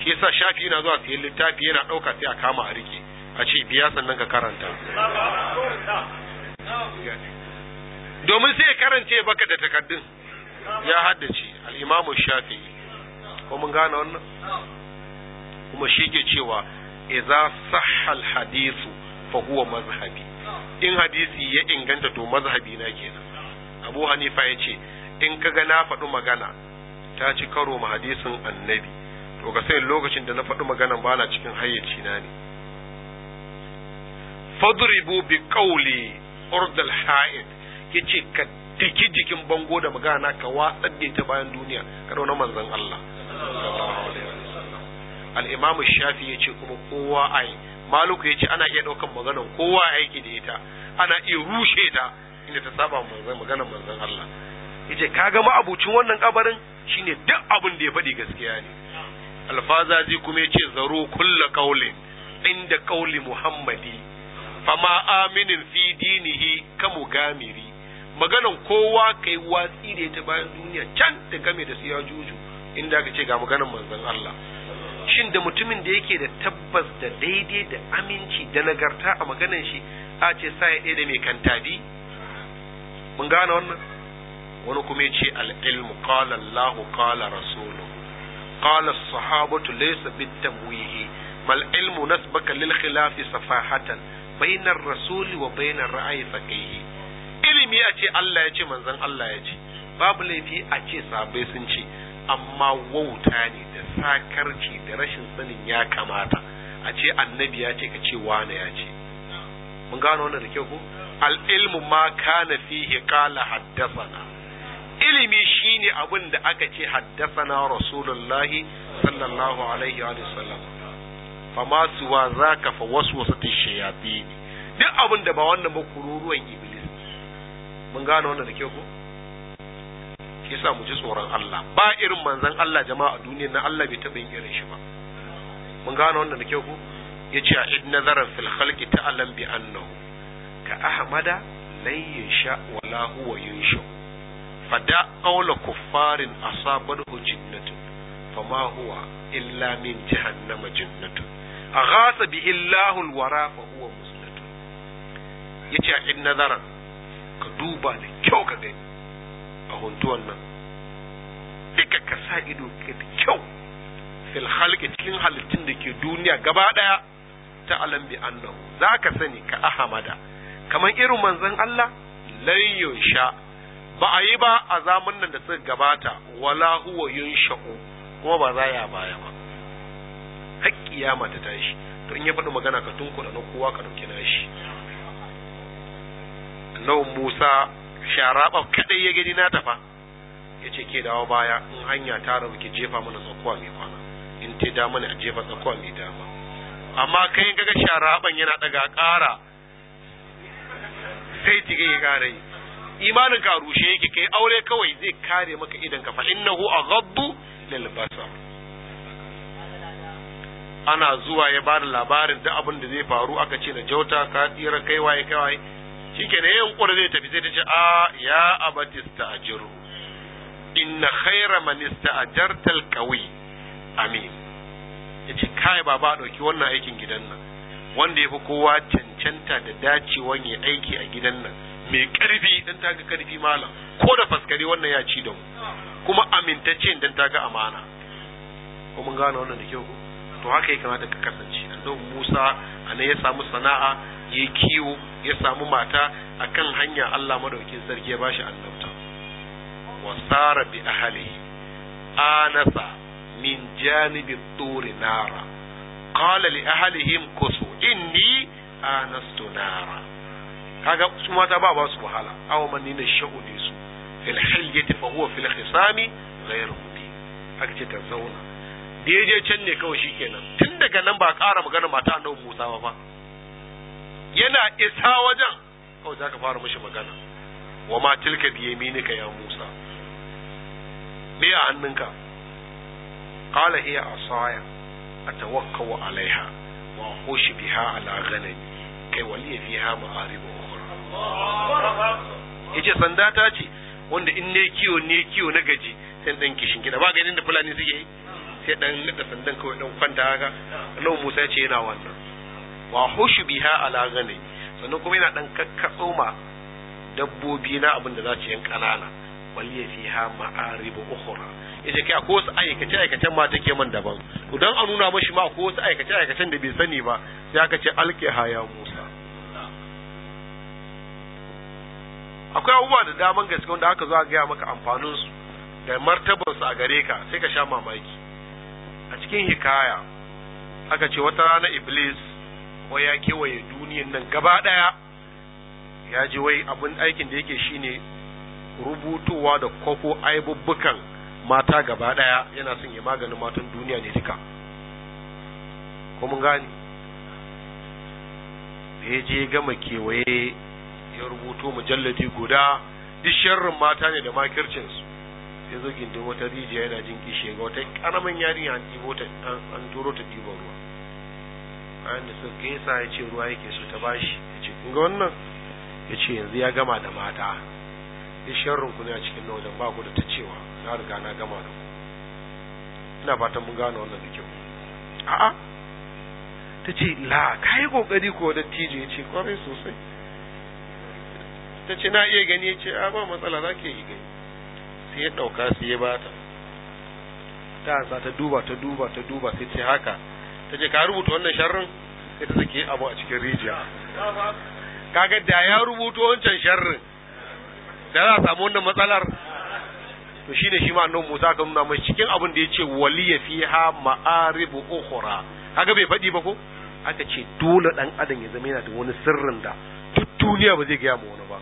shi yasa shafi yana zuwa sayan littafi yana ɗauka sai a kama a rike a ce biya sannan ka karanta domin sai ya karance baka da takardun ya haddace al'imamu shafi ko mun gane wannan kuma shi ke cewa idza sahhal hadisu fa huwa mazhabi in hadisi ya inganta to mazhabi na kenan abu hanifa ya ce in kaga na faɗi magana ta ci karo ma hadisin annabi to ga sai lokacin da na faɗi magana ba na cikin hayyaci na ne fadribu bi qawli urdal ha'id yace ka tiki jikin bango da magana ka watsar da ta bayan duniya ka dauna manzon Allah al-imamu shafi ce kuma kowa ai maluku yace ana iya daukan maganar kowa aiki da ita ana iya rushe ta inda ta saba magana manzon Allah yace kaga ma'abucin wannan kabarin shine duk abin da ya faɗi gaskiya ne zai kuma yace zaru kullu qaulin inda qauli muhammadi fama aminin fi dinihi kamu gamiri maganan kowa kai watsi da ta bayan duniya can da game da siya juju inda aka ce ga maganan manzon Allah shin da mutumin da yake da tabbas da daidai da aminci da nagarta a maganan shi a ce sa ya da mai kantadi mun gane wannan wani kuma ya ce al'ilmu qala Allah qala rasulu qala sahabatu laysa bitamwihi mal ilmu nasbaka lil khilafi safahatan bainar rasuli wa bainar ra'ayi faqihi ilimi a ce Allah ya ce manzon Allah ya ce babu laifi a ce sabai sun ce amma wauta ne da sakarci da rashin sanin ya kamata a ce annabi ya ce ka ce wani ya ce mun gano wannan da kyau ko al ilmu ma kana fihi qala haddathana ilimi shine abin da aka ce haddathana rasulullahi sallallahu alaihi wa sallam fama suwa zaka fa waswasatin shayatin duk abin da ba wannan ba kururuwan iblis mun gano wannan da kyau ko Ke sa mu ji tsoron Allah ba irin manzon Allah jama'a a duniyar nan Allah bai taɓa yin irin shi ba mun gano wannan da kyau ko ce a id nazaran fil khalqi ta'lam bi annahu ka ahmada lan sha wala huwa yansha fada qawla kuffarin asabatu fa ma huwa illa min jahannama jinnatu aghasa bi illahu alwara fa huwa musnatu ce a id nazaran ka duba da kyau ka gani a huntuwan nan duka ka sa ido da kyau fil cikin halittun da ke duniya gaba ɗaya ta'lam bi annahu zaka sani ka ahmada kamar irin manzon Allah layyun sha ba a yi ba a zaman nan da suka gabata wala huwa yunsha'u kuma ba za ya baya ba Haƙƙi ya mata tashi to in ya faɗi magana ka tunku da kowa ka dauki nashi annabi Musa sharaba kadai ya gani na tafa yace ke dawo baya in hanya ta rabu jefa mana tsakuwa mai kwana in te da mana a jefa tsakuwa mai dama amma kai kaga sharaban yana daga ƙara sai tige ya kare imanin ka rushe yake kai aure kawai zai kare maka idan ka fa innahu aghaddu lil basar ana zuwa ya bada labarin da abin da zai faru aka ce na jauta ka tsira kai waye kai waye shikenan yayin kura zai tafi sai ta ce a ya abatista ajiru inna khaira man ista'jarta qawi amin ya ce kai ba ba ɗauki wannan aikin gidan nan wanda ya fi kowa cancanta da dacewan ya aiki a gidan nan mai ƙarfi dan ta ga ƙarfi malam ko da faskare wannan ya ci da mu kuma amintacce dan ta ga amana ko mun gane wannan da kyau ko to haka ya kamata ka kasance annabi Musa anan ya samu sana'a ya kiwo ya samu mata akan hanya Allah madaukin sarki ya bashi annabta wasara bi ahlihi anasa min janibi turi nara qala li ahlihim kusu inni anastu nara kaga su mata ba ba su wahala aw man ni sha'uni su fil hilyati fa huwa fil khisami ghayru mubin akace ta zauna da yaje can ne kawai shikenan tun daga nan ba ƙara magana mata annabi Musa ba fa yana isa wajen kawai zaka fara mishi magana wa ma tilka bi yaminika ya Musa me a hannunka قال هي عصايا atawakkau عليها wa بها على ala كي kai فيها fiha ma'arib ukhra yace sanda ta ce wanda in ne kiwo ne kiwo na gaji sai dan kishin gida ba ganin da fulani suke yi sai dan da sandan kawai dan kwanta haka Allah Musa ya ce yana wannan wa hushu biha ala ghani sannan kuma yana dan kakkatsoma dabbobi na abin da za su yan kanana waliya fiha ma'arib ukhra yace kai akwai wasu aikace aikacen ma take man daban to dan a nuna mashi ma akwai wasu aikace aikacen da bai sani ba sai aka ce alqiha ya Musa akwai abubuwa da daman gaske wanda aka zo a gaya maka amfanin su da martabar su a gare ka sai ka sha mamaki a cikin hikaya aka ce wata rana iblis wai ya kewaye duniyan nan gaba daya ya ji wai abin aikin da yake shine Rubutuwa da kwafo aibubbukan mata gaba ɗaya yana son ya maganin matan duniya ne duka ko mun gani da ya je gama kewaye ya rubuto mujalladi guda duk sharrin mata ne da makircinsu sai zo gindin wata rijiya yana jin kishe ga wata karamin yarinya an ɗibo ta an turo ta ɗiban ruwa bayan da suka gaisa ya ce ruwa yake so ta bashi ya ce kun ga wannan ya ce yanzu ya gama da mata duk sharrin ku ne a cikin nawajen ba ku da ta cewa na riga na gama da ku ina fatan mun gane wannan da kyau a'a ta ce la ka yi kokari ko da tijo ya ce kwarai sosai ta ce na iya gani ya ce a ba matsala za ke yi gani sai ya ɗauka sai ya bata ta hansa ta duba ta duba ta duba sai ce haka ta ce ka rubuta wannan sharrin sai ta sake abu a cikin rijiya kaga da ya rubuta wancan sharrin da za a samu wannan matsalar to shi ne shi ma annabi Musa ka nuna mai cikin abin da ya ce waliya fiha ma'aribu ukhra haka bai faɗi ba ko aka ce dole ɗan adam ya zama yana da wani sirrin da duk duniya ba zai gaya ma wani ba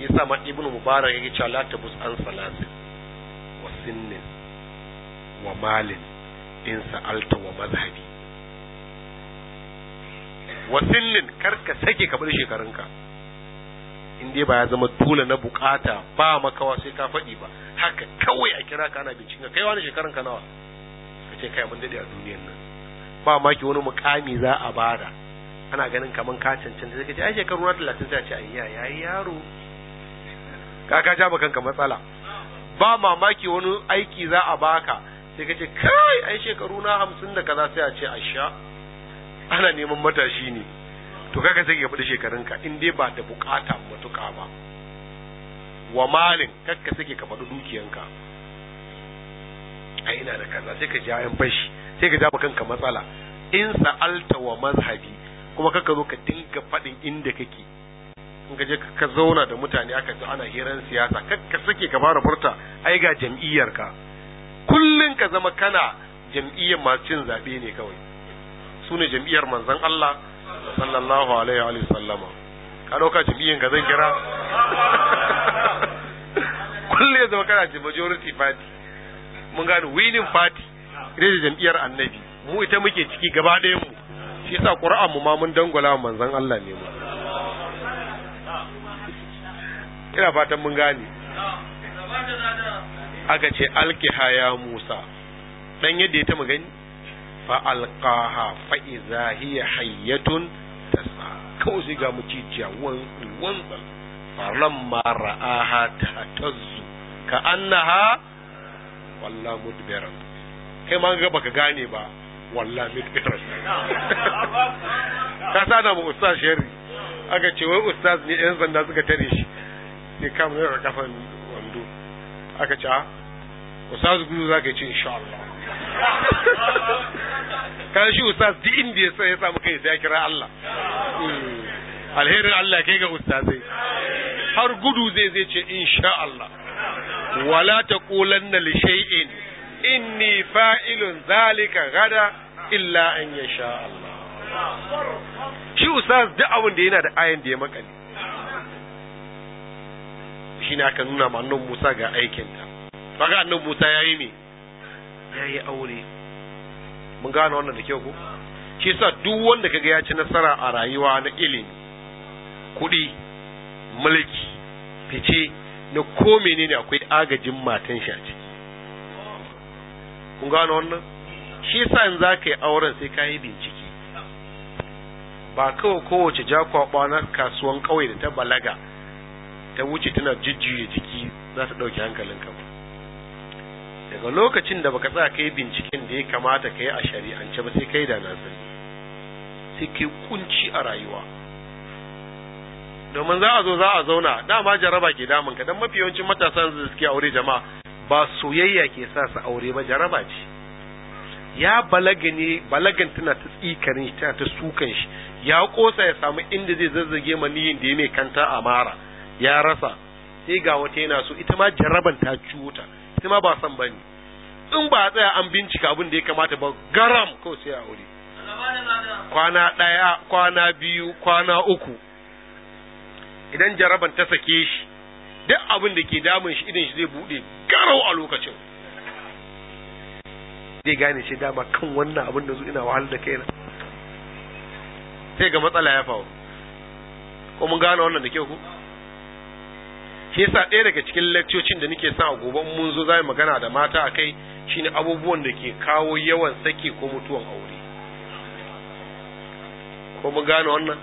yasa ma ibn mubarak yake cewa la tabus an salasin wa sinnin wa malin in sa'alta wa mazhabi wa sinnin karka sake ka bar shekarunka in dai ba ya zama dole na bukata ba makawa sai ka faɗi ba haka kawai a kira ka ana bincin kai wani shekaran ka nawa ka ce kai mun dade a duniyar nan ba ki wani mukami za a bada ana ganin kaman ka cancanta sai ka ce ai shekaru na talatin sai a ce ayya yayi yaro ka ka ja kanka matsala ba mamaki wani aiki za a baka sai ka ce kai ai shekaru na hamsin da kaza sai a ce asha ana neman matashi ne to kaga sai ka faɗi ka in dai ba da bukata matuƙa ba wa malin kakka sai ka faɗi dukiyanka a ina da kaza sai ka ja yan fashi sai ka ja ba kanka matsala in sa'alta wa mazhabi kuma kakka zo ka dinga faɗin inda kake in ka je ka zauna da mutane aka ji ana hiran siyasa kakka sake ka fara furta ai ga jam'iyyarka kullun ka zama kana jam'iyyar masu cin zaɓe ne kawai su ne jam'iyyar manzon Allah sallallahu alaihi wa sallama ka dauka jami'in ka zan kira kulle zama kana ce majority party mun gane winning party ne da jam'iyyar annabi mu ita muke ciki gaba ɗaya mu shi yasa qur'an mu ma mun dangwala manzon Allah ne mu ina fatan mun gane aka ce alkiha ya Musa dan yadda ya ta magani fa’alƙaha alqaha fa idza hiya hayyatun tas'a kawai sai ga muciya wan wan falamma ra'aha tazzu ka annaha walla mudbiran kai ma ga baka gane ba walla mudbiran ka na ma ustaz shari aka ce wai ustaz ne yan sanda suka tare shi sai kamar kafan wando aka ce ah, ustaz gudu ka ce insha Allah kan shi ustaz duk inda ya ya samu kai da kira Allah alherin Allah kai ga ustazai har gudu zai zai ce insha Allah wala taqulanna li shay'in inni fa'ilun zalika gada illa an yasha Allah shi ustaz duk abin da yana da ayan da ya makale shine aka nuna ma annabi Musa ga aikin ta kaga annabi Musa yayi me ya yi aure mun gane wannan da kyau ko shi sa duk wanda kaga ya ci nasara a rayuwa na ilimi kuɗi mulki fice na ko menene akwai agajin matan shi a ciki kun gane wannan shi sa in za ka yi auren sai ka yi bincike ba kawai kowace jakwaɓa na kasuwan ƙauye da ta balaga ta wuce tana jijjiye jiki za ta ɗauki hankalinka ba daga lokacin da baka tsaka kai binciken da ya kamata kai a shari'ance ba sai kai da na sani sai kai kunci a rayuwa domin za a zo za a zauna dama jaraba ke damun ka dan mafi yawancin matasa yanzu suke aure jama'a ba soyayya ke sa su aure ba jaraba ce ya balaga ne balagan tana ta tsikarin shi tana ta sukan shi ya kosa ya samu inda zai zazzage maniyin da ya mai kanta a mara ya rasa sai ga wata yana so ita ma jaraban ta ta sai ma ba san ba ne in ba a tsaya an bincika abin da ya kamata ba garam ko sai a wuri kwana ɗaya kwana biyu kwana uku idan jaraban ta sake shi duk abin da ke damun shi idan shi zai buɗe garau a lokacin zai gane shi dama kan wannan abin da zo ina wahal da kaina sai ga matsala ya faru ko mun gane wannan da kyau ku shi yasa ɗaya daga cikin lakcocin da nake sa a gobe mun zo za magana da mata a kai shine abubuwan da ke kawo yawan saki ko mutuwan aure ko mun gane wannan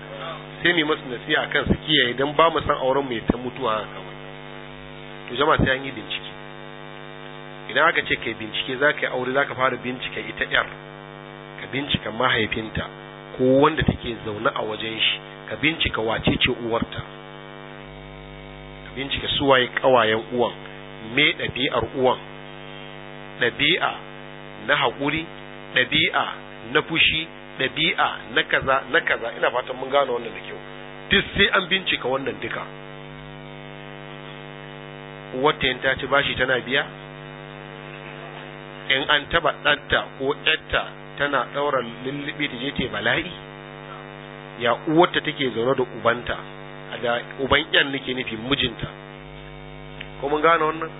sai mu masu nasiha kan su kiyaye dan ba mu san auren mu ya ta mutuwa haka to jama'a sai an yi bincike idan aka ce kai bincike za ka yi aure za ka fara bincike ita yar ka bincika mahaifinta ko wanda take zaune a wajen shi ka bincika wace ce uwarta bincika suwaye kawayen uwan me ɗabi'ar uwan ɗabi'a na haƙuri ɗabi'a na fushi ɗabi'a na kaza na kaza ina fatan mun gane wannan da kyau duk sai an bincika wannan duka wata ta ci bashi tana biya in an taba ɗanta ko ƴatta tana ɗaura lullubi ta je ta bala'i ya uwarta take zaune da ubanta da uban yan nake nufi mijinta ko mun gane wannan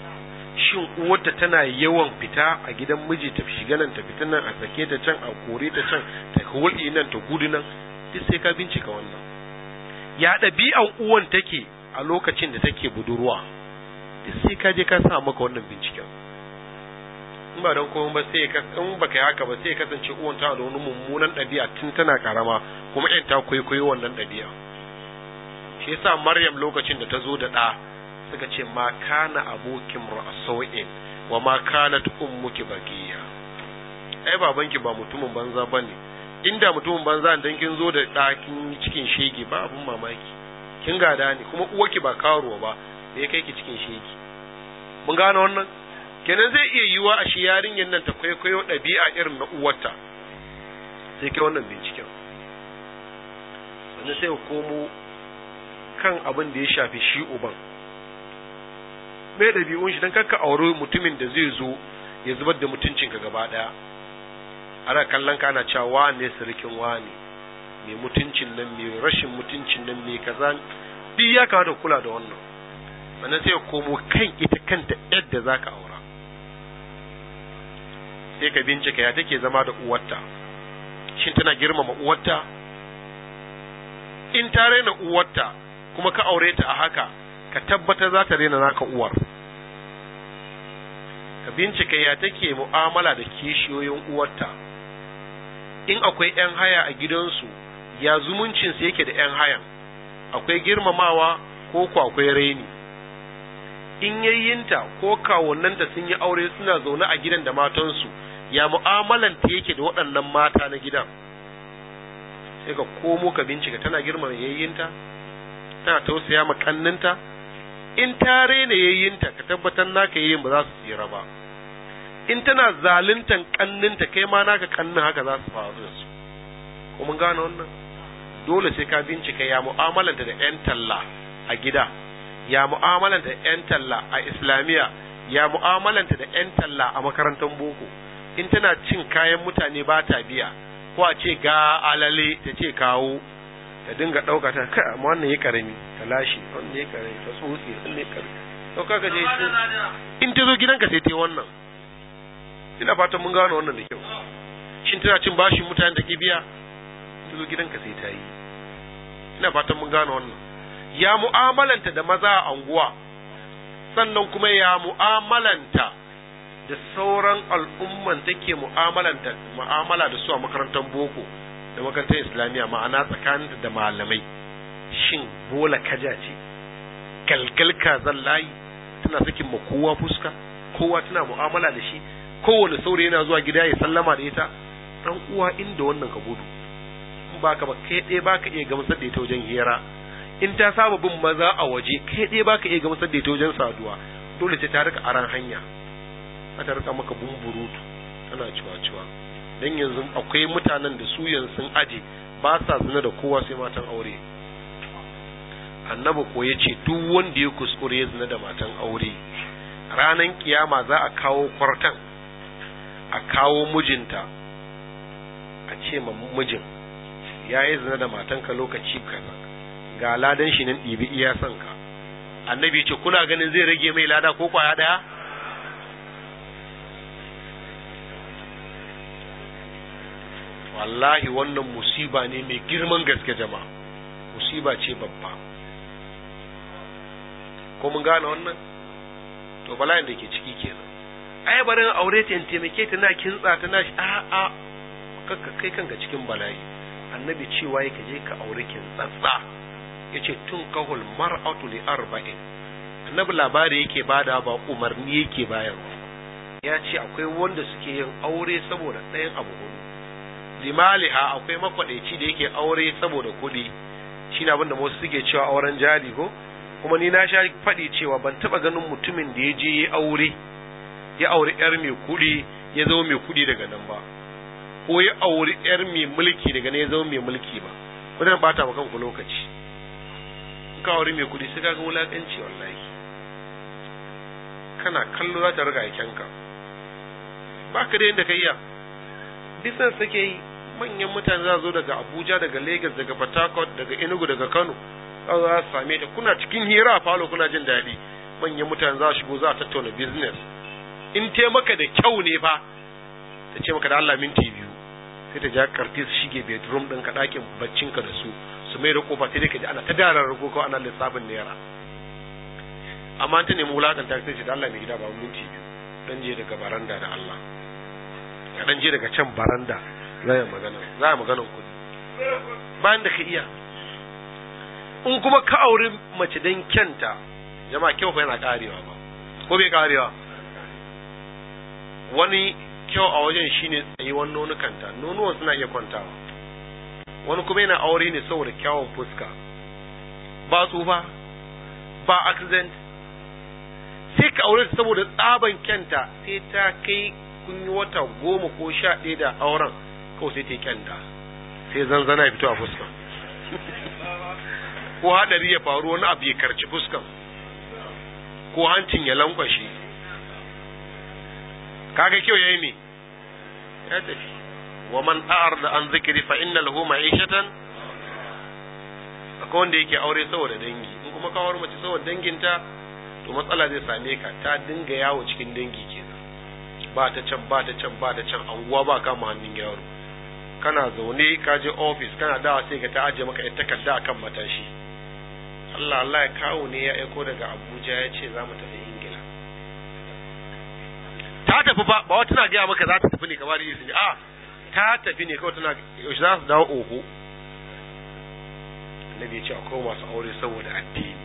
shin uwarta tana yawan fita a gidan miji ta shiga nan ta fita nan a sake ta can a kore ta can ta hulɗi nan ta gudu nan duk sai ka bincika wannan ya ɗabi'an uwan take a lokacin da take budurwa duk sai ka je ka sa maka wannan binciken in ba don komai ba sai ka in ba kai haka ba sai kasance uwan ta da wani mummunan ɗabi'a tun tana karama kuma ɗan ta kwaikwayo wannan ɗabi'a shi yasa maryam lokacin da ta zo da ɗa suka ce ma kana abokin ra'asau'in wa ma kana ummuki bagiya ai babanki ba mutumin banza bane inda mutumin banza dan kin zo da ɗa kin cikin shege ba abun mamaki kin gada ne kuma uwarki ba karuwa ba da ya kai ki cikin shege mun gane wannan kenan zai iya yiwa a shi yarinyar nan ta kwaikwayo ɗabi'a irin na uwarta sai kai wannan binciken sannan sai ku komo kan abin da ya shafi shi uban mai ɗabi'un shi don kakka auri mutumin da zai zo ya zubar da mutuncinka gaba ɗaya ana kallon ka ana cewa wane sarkin wane mai mutuncin nan mai rashin mutuncin nan mai kaza duk ya kawo da kula da wannan sannan sai ya komo kan ita kanta yadda za ka aura sai ka bincika ya take zama da uwarta shin tana girmama uwarta in ta raina uwarta kuma ka aure ta a haka ka tabbatar za ta rena naka uwar ka bincika ya take mu'amala da kishiyoyin uwarta in akwai 'yan haya a gidansu ya zumuncinsu yake da 'yan hayan akwai girmamawa ko ku akwai raini in yayyinta ko kawunanta sun yi aure suna zaune a gidan da matansu ya mu'amalanta yake da waɗannan mata na gidan sai ka komo ka bincika tana girmama yayyinta tana tausaya ma kanninta in ta rena yayyinta ka tabbatar naka yayin ba za su tsira ba in tana zaluntan kanninta kai ma naka kannin haka za su faru da su ko mun gane wannan dole sai ka bincika ya mu'amalanta da yan talla a gida ya mu'amalanta da yan talla a islamiyya ya mu'amalanta da yan talla a makarantar boko in tana cin kayan mutane ba ta biya ko a ce ga alale ta ce kawo ta dinga ɗauka ta ka amma wannan ya karami ta lashe wannan ya karami ta tsotsi wannan ya karami ɗauka ka je in ta zo gidanka sai ta yi wannan ina fatan mun gano wannan da kyau shin tana cin bashin mutane da kibiya ta zo gidanka sai ta yi ina fatan mun gano wannan ya mu'amalanta da maza a anguwa sannan kuma ya mu'amalanta da sauran al'umman take mu'amalanta mu'amala da su a makarantar boko da makarantar islamiyya ma'ana tsakaninta da malamai shin bola kaja ce galgal kazan layi tana sakin ma kowa fuska kowa tana mu'amala da shi kowane saurayi yana zuwa gida ya sallama da ita dan uwa inda wannan ka gudu in baka ba kai dai baka iya gamsar da ita wajen hira in ta saba bin maza a waje kai dai baka iya gamsar da ita wajen saduwa dole ce ta rika aran hanya ta rika maka bumburutu tana ciwa-ciwa don yanzu akwai mutanen da su yanzu sun aje ba sa zina da kowa sai matan aure annabi ko ya ce duk wanda ya kuskure ya zina da matan aure ranan kiyama za a kawo kwartan a kawo mijinta a ce ma mijin ya yi zina da matanka lokaci kaza ga ladan shi nan ɗibi iya son ka annabi ce kuna ganin zai rage mai lada ko kwaya ɗaya wallahi wannan musiba ne mai girman gaske jama'a musiba ce babba ko mun gane wannan to bala'in da ke ciki kenan ai bari aure ta taimake ta na kintsa ta na a a kakka kai kanka cikin bala'i annabi cewa yake je ka aure kintsatsa yace tun kahul mar'atu li arba'in annabi labari yake bada ba umarni yake bayarwa ya ce akwai wanda suke yin aure saboda ɗayan abu hudu limaliha akwai makwadaici da yake aure saboda kuɗi shi ne da wasu suke cewa auren jari ko kuma ni na sha faɗi cewa ban taɓa ganin mutumin da ya je ya aure ya aure yar mai kuɗi ya zama mai kuɗi daga nan ba ko ya aure yar mai mulki daga nan ya zama mai mulki ba kuna bata ma kanku lokaci ka aure mai kuɗi sai kaga wulakanci wallahi kana kallo za ta riga yakenka ba ka da yadda ka iya business suke yi manyan mutane za zo daga abuja daga lagos daga port daga enugu daga kano za su same ta kuna cikin hira a falo kuna jin daɗi manyan mutane za su shigo za a tattauna business in te maka da kyau ne fa ta ce maka da allah minti biyu sai ta ja karfi su shige bedroom ɗinka ɗakin ka da su su mai da kofa sai dai ka ji ana ta dara rago ko ana lissafin naira amma ta nemi wulakanta sai ce da allah mai gida ba minti biyu dan je daga baranda da allah kaɗan je daga can baranda za magana za a magana kuɗi bayan da ka iya in kuma ka auri mace don kyanta jama'a kyau fa yana karewa ba ko bai karewa wani kyau a wajen shine tsayuwar nonukanta nonuwan suna iya kwantawa wani kuma yana aure ne saboda kyawun fuska ba tsufa ba accident sai ka aure saboda tsaban kyanta sai ta kai kun yi wata goma ko sha ɗaya da auren kawai sai ta yi kyanda sai zanzana ya fito a fuska ko haɗari ya faru wani abu ya karci fuskan ko hancin ya lankwashe kaga kyau yayi me ya tafi wa man da an zikiri fa inna lahu ma'ishatan akwai wanda yake aure saboda dangi in kuma kawar mace saboda danginta to matsala zai same ka ta dinga yawo cikin dangi ke ba ta can ba ta can ba ta can anguwa ba kama hannun yaro kana zaune ka je ofis kana dawa sai ka ta aje maka ita takarda akan matashi Allah Allah ya kawo ne ya aiko daga Abuja ya ce za mu tafi Ingila ta tafi ba ba wata na gaya maka za ta tafi ne kamar yi sun a ta tafi ne kawai tana yaushe za su dawo oho na ya ce akwai masu aure saboda addini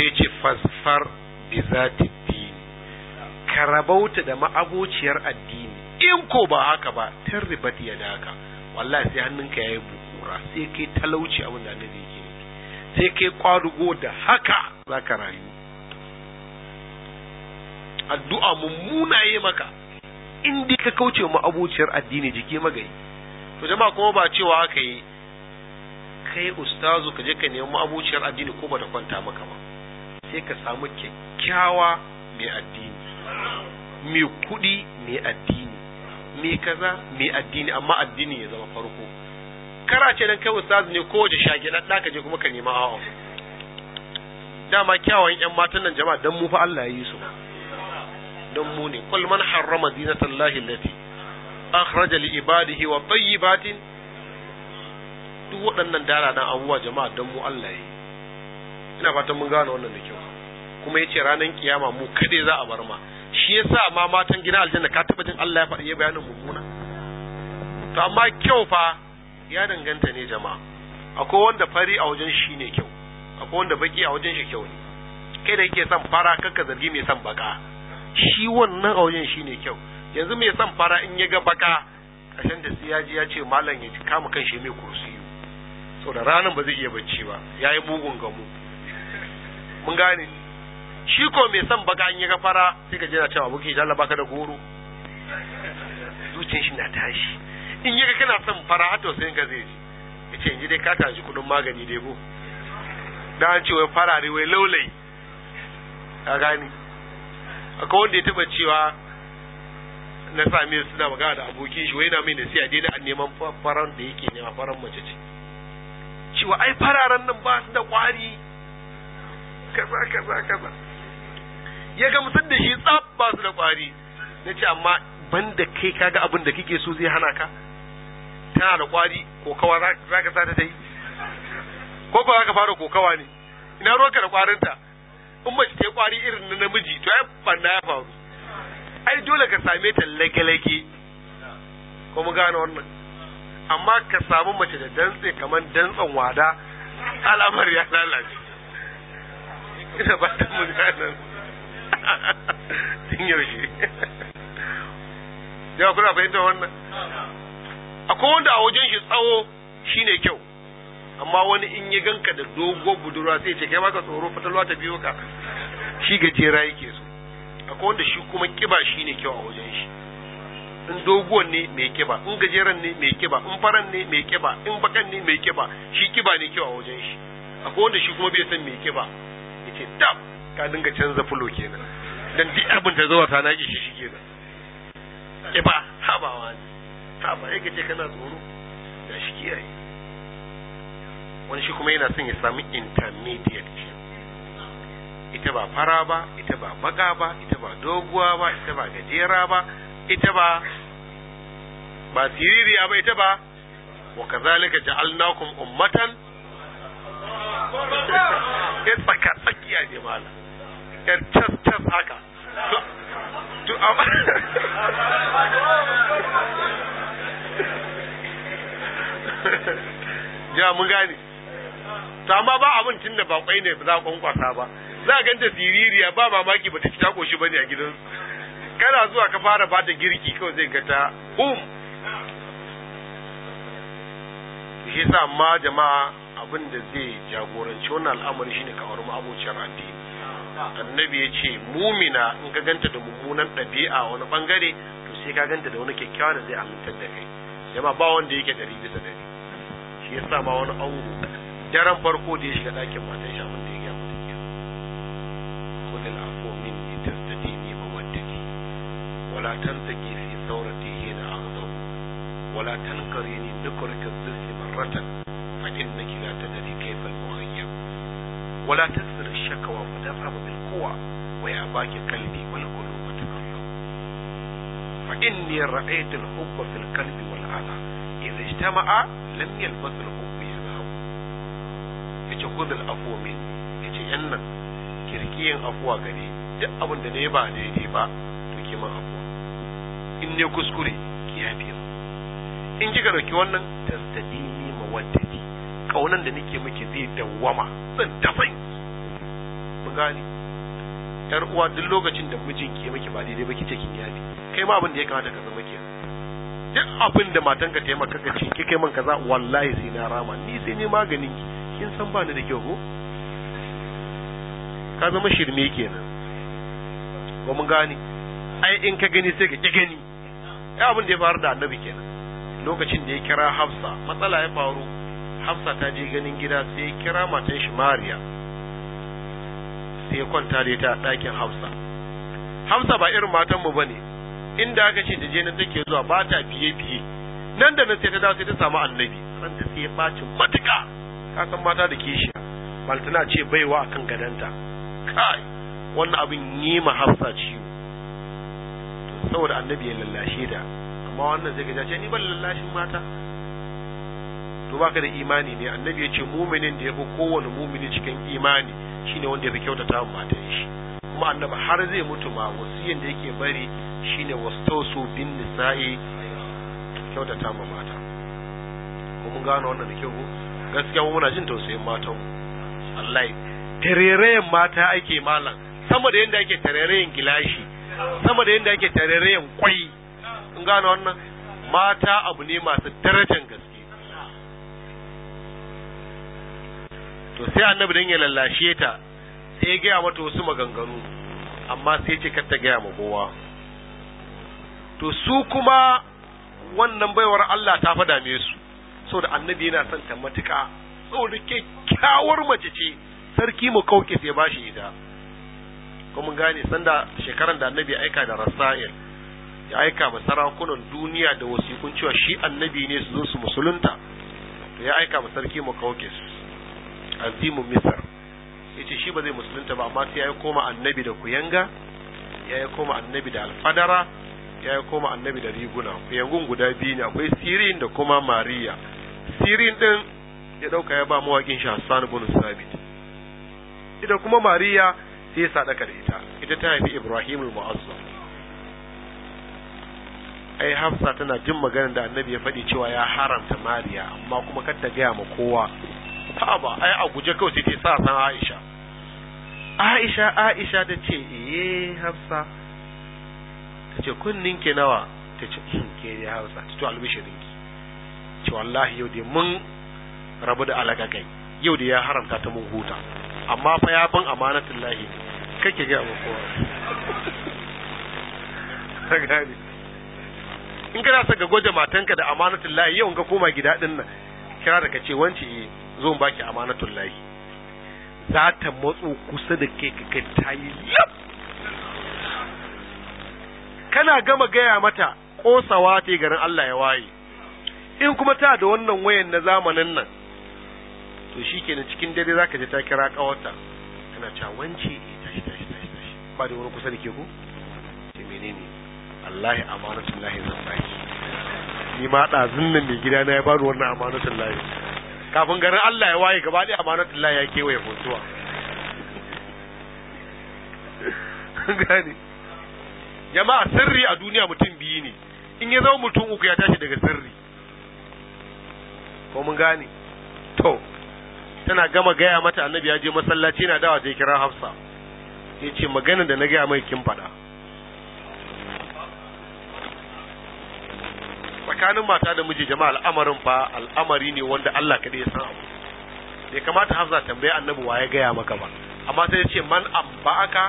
sai ce fasfar bizatit ka rabauta da ma'abociyar addini in ko ba haka ba tun ribat ya daka wallahi sai hannunka yayi bukura sai kai talauci abin da annabi yake sai kai kwadugo da haka zaka rayu addu'a mummuna yi maka in dai ka kauce ma abociyar addini jiki magani to jama'a kuma ba cewa haka yi kai ustazu ka je ka nemi abociyar addini ko ba ta kwanta maka ba sai ka samu kyakkyawa mai addini mai kuɗi mai addini mai kaza mai addini amma addini ya zama farko kara ce nan kai ustazu ne kowace shage na ɗaka je kuma ka nema awa dama kyawawan yan matan nan jama'a dan mu fa Allah ya yi su dan mu ne kul man harrama zinatallahi allati akhraja li ibadihi wa tayyibatin duk waɗannan dara dan abuwa jama'a dan mu Allah ya ina fatan mun gane wannan da kyau kuma yace ranar kiyama mu kade za a bar ma shi yasa ma matan gina aljanna ka taba jin Allah ya faɗi ya bayanin mummuna to amma kyau fa ya danganta ne jama'a akwai wanda fari a wajen shi ne kyau akwai wanda baki a wajen shi kyau ne kai da yake son fara kanka zargi mai son baka shi wannan a wajen shi ne kyau yanzu mai son fara in ya ga baka kashin da ya ji ya ce malam ya kama kan shi mai kursi Sau da ranar ba zai iya bacci ba yayi mugun gamu mun gane shi ko mai son baka an yi gafara fara sai ka jira cewa aboki jalla baka da goro zuciyar shi na tashi in yi kana son fara har tausayin ka zai ji yace inji dai ka tashi kudin magani dai ko da an ce wai farare wai laulai ka gani akwai wanda ya taba cewa na sami suna magana da abokin shi wai na mai nasiya dai da neman faran da yake nema faran mace ce cewa ai fararen nan ba su da kwari kaza kaza kaza ya gamsar da shi tsab ba su da kwari na ce amma ban da kai kaga abin da kike so zai hana ka tana da kwari kokawa za ka sa ta yi ko ba za ka fara kokawa ne ina ka da kwarinta in mace ta yi kwari irin na namiji to ya fanna ya faru ai dole ka same ta lage-lage ko mu gane wannan amma ka samu mace da dantse kamar dantsan wada al'amar ya lalace ina ba ta mu gane tun yaushe yawa kuna fahimtar wannan akwai wanda a wajen shi tsawo shine kyau amma wani in yi ganka da dogon budurwa sai ce kai baka tsoro fatalwa ta biyo ka shi gajera yake so a wanda shi kuma kiba shine kyau a wajen shi in doguwan ne mai kiba in gajeren ne mai kiba in faran ne mai kiba in bakan ne mai kiba shi kiba ne kyau a wajen shi a wanda shi kuma bai san mai kiba yace dab ka dinga canza fulo kenan dan duk abin da zuwa ta na ki shi kenan ke ba habawa ne haba ba yake ce kana tsoro da shi kiyaye wani shi kuma yana son ya sami intermediate ce ita ba fara ba ita ba baka ba ita ba doguwa ba ita ba gajera ba ita ba ba siririya ba ita ba wa kazalika ja'alnakum ummatan ya tsaka tsakiya ne malam yar cas cas haka to um, amma ja mun gane to amma ba abincin da bakwai ne ba za a kwankwasa ba za a ganta siririya ba mamaki ba ta ci ta koshi bane a gidan kana zuwa ka fara ba da girki kawai zai gata ta um shi sa ma jama'a abin da zai jagoranci wannan al'amari shine ka aure abocin addini annabi ya ce mumina in ka ganta da mummunan ɗabi'a wani ɓangare, to sai ka ganta da wani kyakkyawa da zai amintar da kai jama ba wanda yake dari bisa dari shi yasa ma wani ango daren farko da ya shiga ɗakin matan shi abin da ya gaya mata ke kullil afu minni tastati ni mawaddati wala tantaki fi yi na aghdabu wala tankarini nukrika dhilli marratan fa ta la kai kayfa al hanya. wala tan. شك وتذهب بالقوة ويأباك قلبي والقلوب تكلم فإني رأيت الحب في القلب والأذى إذا اجتمع لم يلبث الحب يذهب yace khudh al-afwa min yace yan nan kirkiyin afuwa gare duk abinda da ne ba daidai ba to ki man in ne kuskure ki yafe in ga dauki wannan tastadimi mawaddati kaunan da nake miki zai dawwama zan dafai mu gane yar uwa duk lokacin da mijinki ya miki ba daidai ba kice kin yafi kai ma abin da ya kamata ka zama kenan duk abin da matanka ta yi maka ce ki kai man kaza wallahi sai na rama ni sai ni maganin ki kin san ba ni da kyau ko ka zama shirme kenan ba mun gane ai in ka gani sai ka ki gani ai abin da ya faru da annabi kenan lokacin da ya kira Hafsa matsala ya faru Hafsa ta je ganin gida sai ya kira matan shi Mariya sai ya kwanta da ita a ɗakin Hafsa Hafsa ba irin matan mu bane inda aka ce ta je nan take zuwa ba ta fiye fiye, nan da nan sai ta dawo sai ta samu annabi ran ta sai ya ɓaci matuka ka san mata da kishiya baltana ce baiwa akan gadanta kai wannan abin yi ma Hafsa ciwo saboda annabi ya lallashe da amma wannan zai gaja ce ni ban lallashin mata to baka da imani ne annabi ya ce muminin da ya fi kowane mumini cikin imani shine wanda ya fi kyautata wa matan shi kuma annabi har zai mutu ma wasiyan da yake bari shine wastosu bin nisa'i kyautata ma mata ko mun gano wannan da kyau gaskiya mu muna jin tausayin matan Allah tarerayen mata ake malam sama da yadda ake tarerayen gilashi sama da yadda ake tarerayen kwai mun gano wannan mata abu ne masu darajar gaske to sai annabi dan ya lallashe ta sai ya gaya mata wasu maganganu amma sai ce kar ta gaya ma kowa to su kuma wannan baiwar Allah ta fada dame su saboda annabi yana son ta matuka saboda kyakkyawar mace ce sarki mu kauke sai ba shi ita kuma mun gane sanda shekaran da annabi aika da rasail ya aika ma sarakunan duniya da wasikun cewa shi annabi ne su zo su musulunta to ya aika ma sarki mu kauke su azimu misr yace shi ba zai musulunta ba amma sai ya koma annabi da kuyanga ya koma annabi da alfadara ya koma annabi da riguna kuyangun guda biyu ne akwai sirin da kuma mariya sirin din ya dauka ya ba mawakin shi hassan bin sabit ita kuma mariya sai ya sadaka da ita ita ta haifi ibrahim al-mu'azzam ai hafsa tana jin maganar da annabi ya faɗi cewa ya haramta mariya amma kuma kar ta gaya ma kowa ha ba ai a guje kawai sai ta sa san Aisha Aisha Aisha ta ce eh Hafsa ta ce kunnin ki nawa ta ce hmm, ke ya Hafsa ta to albishirin ki ce wallahi yau dai mun rabu da alaka kai yau da ya haramta ta mun huta amma fa ya bin amanatul lahi kake ga ba ko gani in kana ga gwaje matanka da amanatul lahi yau ga koma gida din nan kira da kace wanci eh zo baki amanatul lahi za ta matso kusa da ke kai ta yi kana gama gaya mata kosawa ta garin Allah ya waye in kuma ta da wannan wayan na zamanin nan to shi kenan cikin dare za ka je ta kira ƙawarta tana cewa wance e tashi tashi tashi tashi ba da wani kusa da ke ku ce menene Allahi amanatul lahi zan baki ni ma ɗazun nan mai gida na ya bani wannan amanatul lahi kafin garin Allah ya waye gaba ɗaya amanatullahi ya kewaye mutuwa gane jama'a sirri a duniya mutum biyu ne in ya zama mutum uku ya tashi daga sirri ko mun gane to tana gama gaya mata annabi ya je masallaci yana dawa sai kira hafsa ya ce maganar da na gaya mai kin faɗa tsakanin mata da miji jama'a al'amarin fa al'amari ne wanda Allah kade ya san abu Ya kamata Hafsa tambaye annabi wa ya gaya maka ba amma sai ya ce man abba'aka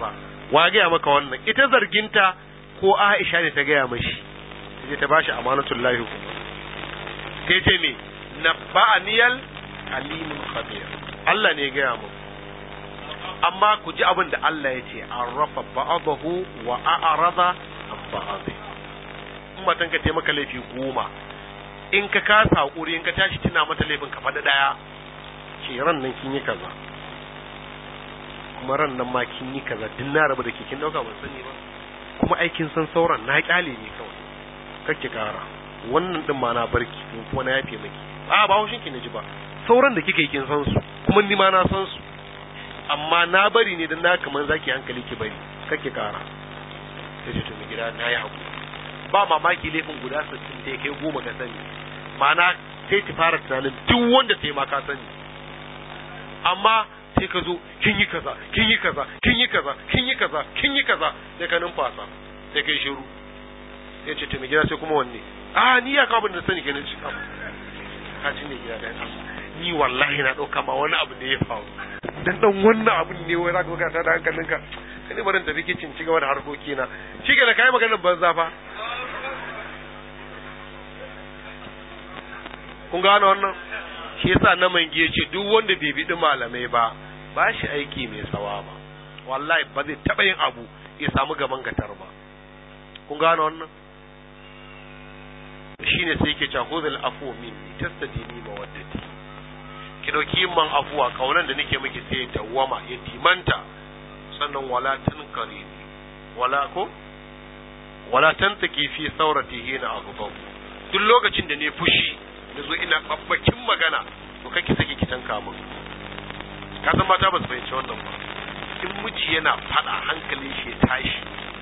ba wa ya gaya maka wannan ita zarginta ko Aisha ne ta gaya mashi sai ta bashi amanatullahi hukum sai ce me ba'aniyal alimul khabir Allah ne ya gaya mu amma ku ji abin da Allah ya ce arrafa ba'dahu wa a'rada an ba'dahu in ka ta maka laifi goma in ka kasa hakuri in ka tashi tuna mata laifin ka faɗi ɗaya ke ran nan kin yi kaza kuma ran nan ma kin yi kaza duk na rabu da ke kin ɗauka ban sani ba kuma aikin san sauran na ƙyale ne kawai kake ƙara wannan ɗin ma na barki kuma na yafe maki a ba haushin ki na ji ba sauran da kika yi kin san su kuma ni ma na san su amma na bari ne don na kamar zaki hankali ki bari kake ƙara sai ce to gida na yi hakuri ba mamaki laifin guda sittin da ya kai goma ka sani ma'ana sai ta fara tunanin duk wanda ta yi ma ka sani amma sai ka zo kin yi kaza kin yi kaza kin yi kaza kin yi kaza kin yi kaza sai ka numfasa sai kai shiru sai ce to gida sai kuma wanne a ni ya kawo da sani kenan ci ka ci ne gida da ni wallahi na ɗauka ma wani abu ne ya faru dan dan wannan abu ne wai za ka ga ta da hankalinka kai barin tafi kicin ci gaba da harkoki na shi ke da kai magana banza fa kun gano wannan shi yasa na mangi ya ce duk wanda bai biɗi malamai ba ba shi aiki mai tsawa ba wallahi ba zai taɓa yin abu ya samu gaban gatar ba kun gano wannan shine sai yake cewa khudhul afwa minni tastadini mawaddati ki dauki man afuwa kaunan da nake miki sai ta wama ya timanta sannan wala tankarini wala ko wala tantaki fi sauratihi na ba. duk lokacin da ne fushi Yanzu ina babbakin magana to kake saki ki tanka mun ka san mata ba su fahimci wannan ba in miji yana fada hankalin shi tashi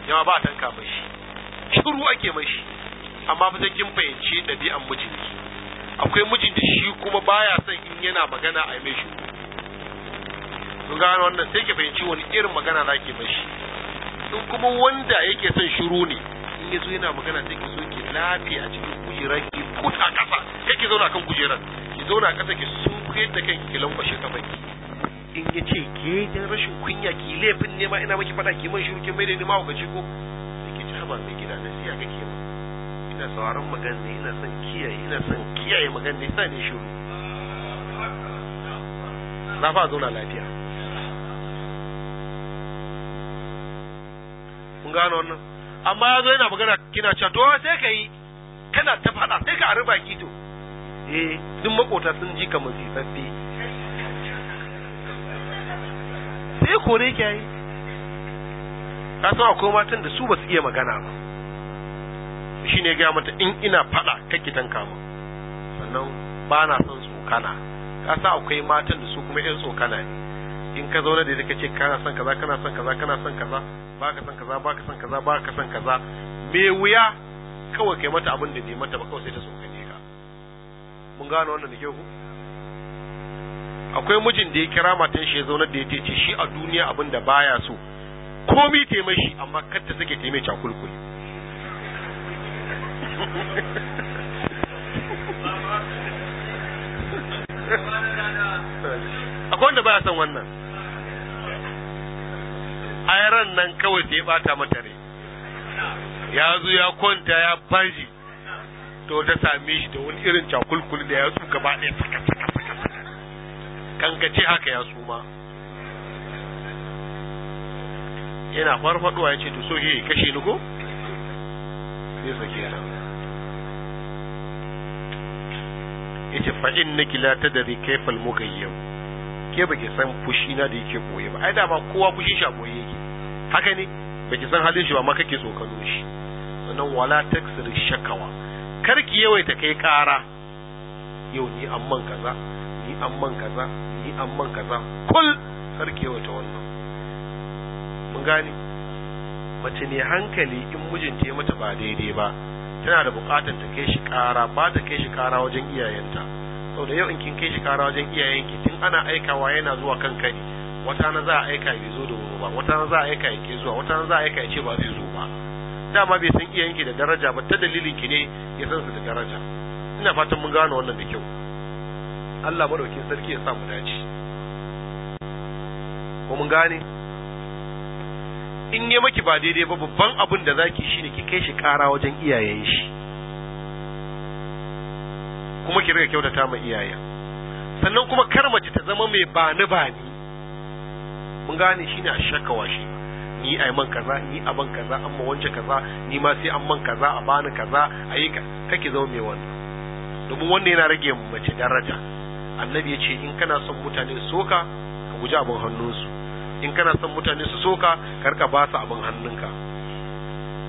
yawa ba tanka shi shiru ake mashi amma ba zai kin fahimci ɗabi'an mijinki akwai mijin da shi kuma baya son in yana magana a mai shiru kun gano wannan sai ki fahimci wani irin magana zaki mashi in kuma wanda yake son shiru ne in yazo yana magana sai ki so ki lafi a cikin kujerar ki kuta kasa ki zauna kan kujerar ki zauna kasa ki sunkuyar da kai ki lankwashe kafa baki in ya ce ke dan rashin kunya ki laifin nema ina maki fada ki man shiru ki mai da ni gaci ko sai ki ci mai gida na siya kake ba ina sauraron magana ina son kiyaye ina son kiyaye magana ne sa ne shiru na fa zauna lafiya kun gano wannan amma ya zo yana magana kina cewa to sai ka yi kana ta faɗa sai ka ari ki to eh duk makota sun ji ka musifaffe sai kore ki yi ka san akwai matan da su ba su iya magana ba shi ne gaya mata in ina faɗa kake tanka mu sannan ba na son tsokana ka san akwai matan da su kuma 'yan tsokana ne in ka zauna da ita ka ce kana son kaza kana son kaza kana son kaza ba ka san kaza ba ka san kaza ba ka san kaza me wuya kawai kai mata abin da ne mata ba kawai sai ta ne ka mun gano wannan da ke ku akwai mijin da ya kira matan shi ya zauna da ya ce shi a duniya abin da baya so komi taimai shi amma kar ta sake taimai cakulkul akwai wanda baya son wannan ai ran nan kawai sai ya bata mata rai ya zo ya kwanta ya bashi to ta same shi da wani irin cakulkuli da ya su gaba ɗaya saka saka saka kankace haka ya suma yana farfaduwa ya ce to so shi kashe ni ko sai sake ya yace fa innaki la ta kayfa al-mughayyib ke bake san fushi na da yake boye ba ai da ba kowa fushi shi a boye yake haka ne baki san halin shi ba ma kake so zo shi sannan wala taksir shakawa kar ki yawaita kai ƙara yau ni amman kaza ni amman kaza ni amman kaza kul kar ki yawaita wannan mun gane mace ne hankali in mijinta ya mata ba daidai ba tana da buƙatar ta kai shi ƙara ba ta kai shi ƙara wajen iyayenta sau da yau in kin kai shi kara wajen iyayenki tun ana aikawa yana zuwa kan ne wata na za a aika bai zo da ba wata za a aika yake zuwa wata za a aika ya ce ba zai zo ba dama bai san iya yanke da daraja ba ta dalilin ki ne ya san su da daraja ina fatan mun gano wannan da kyau Allah madaukin sarki ya sa mu dace ko mun gane in yi maki ba daidai ba babban abin da zaki shine ki kai shi kara wajen iyayen shi kuma ki riga kyautata ma iyayen sannan kuma kar mace ta zama mai bani bani mun gane shi ne a shakawa shi ni ai man kaza ni a ban kaza amma wance kaza ni ma sai an man kaza a bani kaza ayi ka kake zama mai wannan domin wannan yana rage mace daraja annabi ya ce in kana son mutane su soka ka guji abin hannunsu in kana son mutane su soka karka ba su abin hannunka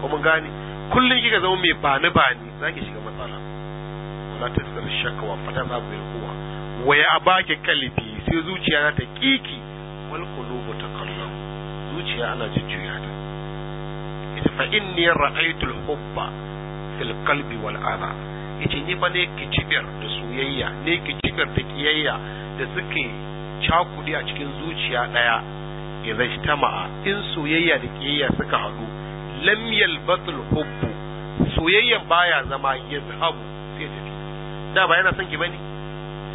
ko mun gane kullun kika zama mai bani bani zaki shiga matsala wala tasal shakawa fata za ku yi kowa waya abake kalifi sai zuciya ta kiki wal ya ana jujjuya ta ita fa inni ra'aytul hubba fil qalbi wal ana ita ni fa ne cibiyar da soyayya ne cibiyar da kiyayya da suke cakudi a cikin zuciya ɗaya idza ijtama'a in soyayya da kiyayya suka hadu lam yalbatul hubb soyayyan baya zama yazhabu sai fi da ba yana son ki bane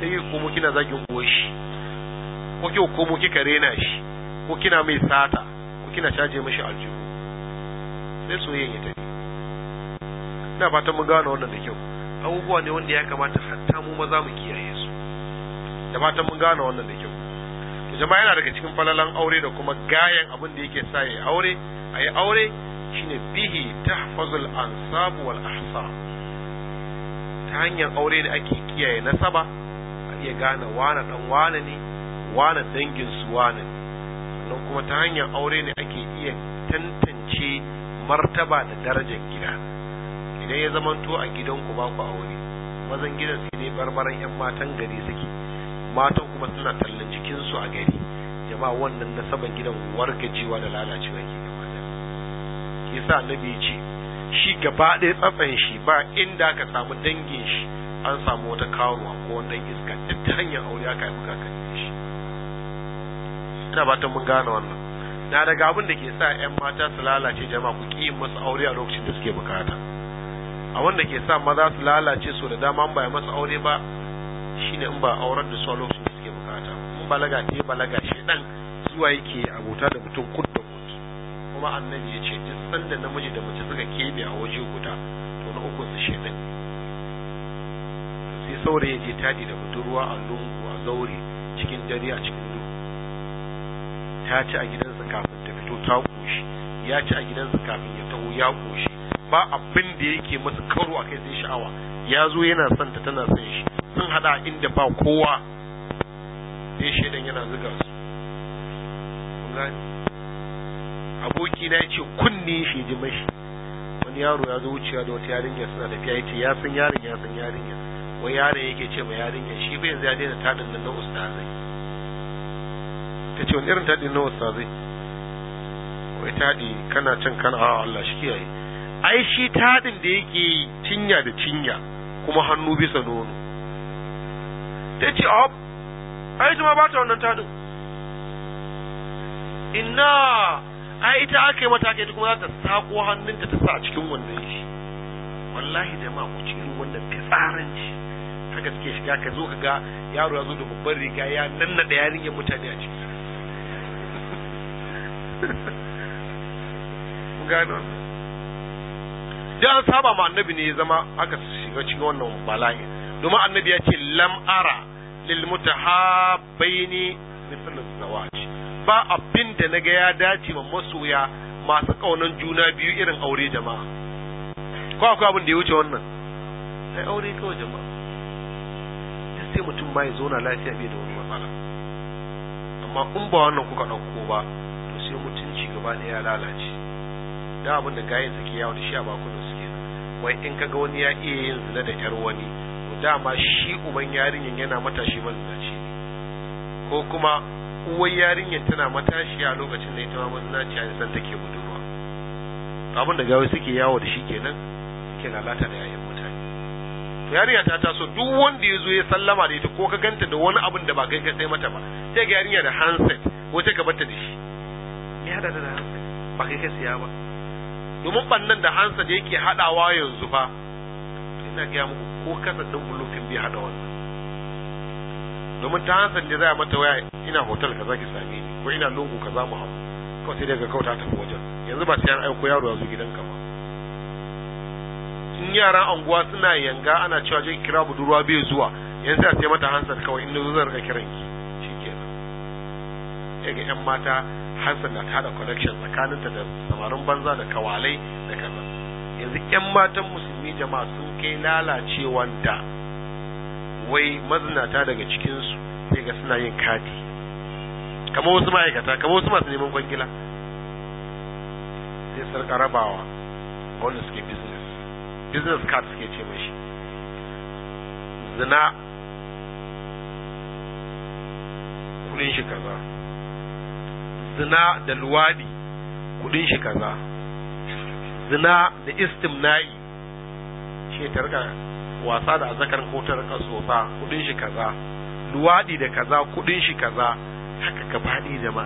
sai ki komo kina zagin goshi ko ki komo kika rena shi ko kina mai sata kina caje mishi aljihu sai soyayyen ya tafi ina ta mun gane wannan da kyau abubuwa ne wanda ya kamata hatta mu maza mu kiyaye su da ta mun gane wannan da kyau to jama'a yana daga cikin falalan aure da kuma gayan abin da yake sa yayi aure ayi aure shine bihi tahfazul ansab wal ahsab ta hanyar aure da ake kiyaye nasaba a iya gane wane dan wane ne wane dangin su wane ne sannan kuma ta hanyar aure ne ake iya tantance martaba da darajar gida idan ya zamanto a ku ba ku aure mazan gidan su ne barbaran 'yan matan gari suke matan kuma suna tallan jikinsu a gari jama'a wannan nasaban gidan wargajewa da lalacewa ke gaba da ke sa ce shi gaba ɗaya tsatsan shi ba inda aka samu dangin shi an samu wata kawo ko wannan iska ta hanyar aure aka yi bukakari ina bata mun gane wannan na daga abin da ke sa 'yan mata su lalace jama'a ku yin masu aure a lokacin da suke bukata a wanda ke sa maza su lalace su da dama ba masu aure ba shine in ba auren da su a lokacin da suke bukata in balaga ce balaga shi dan zuwa yake abota da mutum kud da kud kuma annabi ya ce duk sanda namiji da mace suka kebe a waje guda to na uku su shedan sai saurayi ya je tadi da budurwa a lungu a zaure cikin dare a cikin duhu ta ci a gidansa kafin ta fito ta koshi ya ci a gidansa kafin ya taho ya koshi ba abin da yake masa karo a kai sai sha'awa ya zo yana son ta tana son shi sun hada inda ba kowa sai shaidan yana zuga su aboki na yace kunne shi ji mashi wani yaro ya zo wucewa da wata yarinya suna tafiya ce ya san yarinya ya san yarinya wai yaron yake ce ma yarinya shi bai yanzu ya daina tadin nan na ustazai ta ce wani irin taɗi nawa sa zai wai taɗi kana can kana a ah, Allah shi kiyaye ai shi taɗin da yake cinya da cinya kuma hannu bisa nono ta ce a ai ma ba ta wannan taɗin inna ai ita aka yi mata ita kuma za ta sako hannunta ta sa a cikin wannan shi wallahi da ma ku cikin wannan fitsaranci haka suke shiga ka zo ka ga yaro ya zo da babbar riga ya da yarinyar mutane a ciki gano saba ma annabi ne ya zama aka shiga cikin wannan bala'i domin annabi ya ce lam ara lil mutahabbaini misal zawaj ba abin da naga ya dace wa masoya masu kaunan juna biyu irin aure jama'a ko akwai abin da ya wuce wannan sai aure kawai jama'a sai mutum ma ya zauna lafiya bai da wani matsala amma in ba wannan kuka ɗauko ba gaba ya lalace da abin da gayin suke yawo da shi a bakunan suke kenan wai in kaga wani ya iya yin zina da yar wani dama shi uban yarinyan yana matashi mazinaci ne ko kuma uwar yarinyan tana matashi a lokacin da ita ma mazinaci a san take budurwa abin da gawai suke yawo da shi kenan suke lalata da yayin mutane to yarinya ta taso duk wanda ya zo ya sallama da ita ko ka ganta da wani abin da ba kai ka sai mata ba sai ga yarinya da handset ko sai ka bata da shi ya da hansa ba kai siya ba domin bannan da hansa da yake hadawa yanzu fa ina gaya muku ko kasa din bulufin bi hada wannan domin ta hansa da za a mata waya ina hotel ka ki same ni ko ina ka za mu hau kawai sai daga kauta tafi wajen yanzu ba sai an aiko yaro ya gidanka ba in yaran anguwa suna yanga ana cewa je kira budurwa bai zuwa yanzu a sai mata hansa kawai in zo zan rika kiranki shikenan sai ga yan mata Hansa na tada connection tsakaninta da samarin banza da kawalai da kaza yanzu ƴan matan musulmi jama'a sun kai lalacewan da wai mazinata daga cikinsu sai ga suna yin kati Kamar wasu ma'aikata kamar wasu masu neman kwangila sai sarka rabawa wanda suke business business card suke ce mashi zina kudin shi kaza zina da luwadi kudin shi kaza zina da istimna'i shi ta rika wasa da azzakarin ko ta rika tsotsa kudin shi kaza luwadi da kaza kudin shi kaza haka ka da ma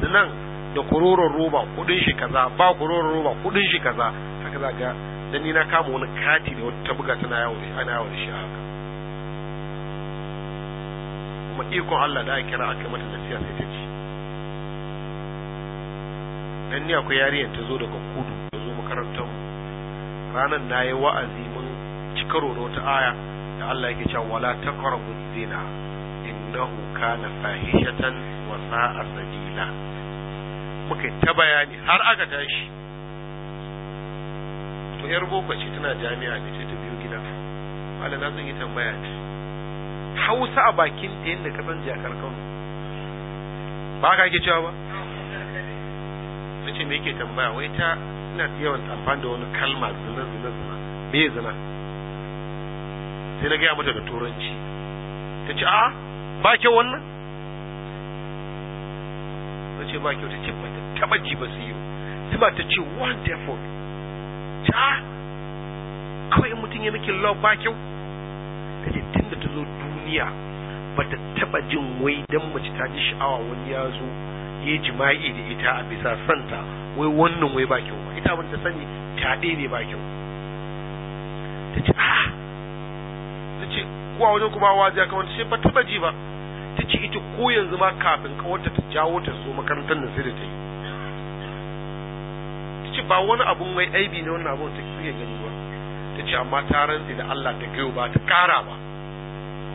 zinan da kuroron roba kudin shi kaza ba kuroron roba kudin shi kaza haka za ga dan ni na kama wani kati da wata buga tana yawo da ana yawo da shi haka kuma ikon Allah da ake kira aka mata siyasa sai ta ci dan ni akwai yariyar ta zo daga kudu ta zo makarantar mu ranar na yi wa'azi mun ci da wata aya da Allah yake cewa wala taqrabu zina innahu kana fahishatan wa sa'a sabila muke ta bayani har aka tashi to yar boko ce tana jami'a ne ce ta biyo gida wala na zan yi tambaya ce hausa a bakin ta yadda ka san jakar kano ba ka ke cewa ba na ce me yake tambaya wai ta ina yawan amfani da wani kalma zina zina zina me zina sai na gaya mata da turanci ta ce a ba kyau wannan na ce ba kyau ta ce ba ta taba ji ba su yi sai ba ta ce wonderful ta kawai in mutum ya miki love ba kyau ta ce tun da ta zo duniya ba ta taba jin wai dan mace ta ji sha'awa wani ya zo ya jima'i da ita a bisa santa wai wannan wai ba kyau ba ita abin ta sani taɗe ne ba kyau ta ce a ta ce kuwa wajen kuma wa ja kawai ce ba taɓa ji ba ta ce ita ko yanzu ma kafin kawarta ta jawo ta so makarantar nan sai da ta yi ta ce ba wani abun mai aibi ne wannan abun ta ke gani ba ta ce amma ta rantse da Allah ta gaiwa ba ta ƙara ba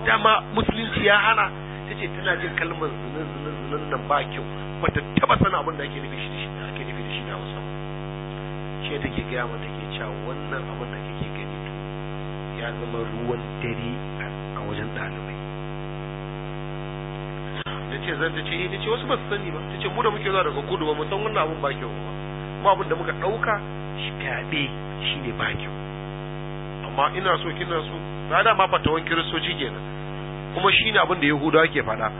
dama musulunci ya hana ta ce tana jin kalmar zinin zinin zinin nan ba kyau ta taba sana abin da ake nufi da shi da ake nufi da shi da Hausa shi take gaya mata ke cewa wannan abin da kake gani to ya zama ruwan dare a wajen ɗalibai da ce zan ta ce ni eh, ce wasu ba su sani ba ta ce mu da muke zuwa daga kudu ba mu san wannan abin ba kyau ba kuma abin da muka ɗauka shi fyaɗe shi ne ba kyau amma ina so kina so na da ma fatawan kiristoci kenan kuma shi ne abin da yahudawa ke faɗa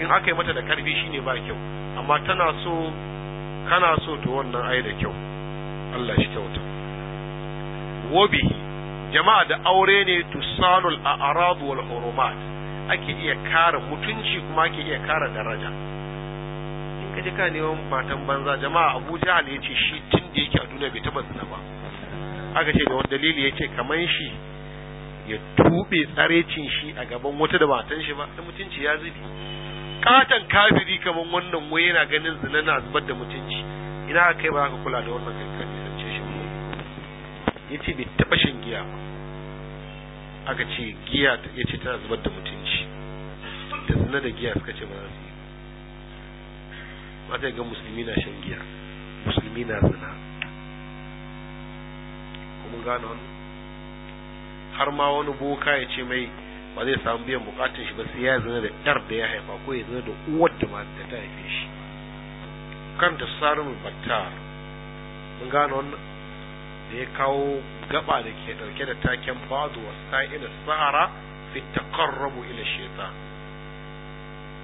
in aka yi mata da karfi shine ba kyau amma tana so kana so to wannan ai da kyau Allah shi kyauta wobi jama'a da aure ne tusalul a'rad wal hurumat ake iya kare mutunci kuma ake iya kare daraja in ka ka neman matan banza jama'a Abuja ne yace shi tun da yake a duniya bai taba zina ba aka ce da wani dalili yace kaman shi ya tube tsarecin shi a gaban wata da matan shi ba mutunci ya zubi katan kafiri kaman wannan wai yana ganin zina na zubar da mutunci ina kai ba ka kula da wannan kai kan nisance shi ya ce bai taɓa shan giya ba aka ce giya ya ce tana zubar da mutunci da zina da giya suka ce ba za su yi ba ta ga musulmi na shan giya musulmi na zina kuma gane wannan har ma wani boka ya ce mai ba zai samu biyan bukatun shi ba sai ya zana da yar da ya haifa ko ya zana da uwar da ma da ta haife shi kan da sarin battar mun gane wannan da ya kawo gaba da ke dauke da taken ba'du wa sa'ila sahara fi taqarrabu ila shaytan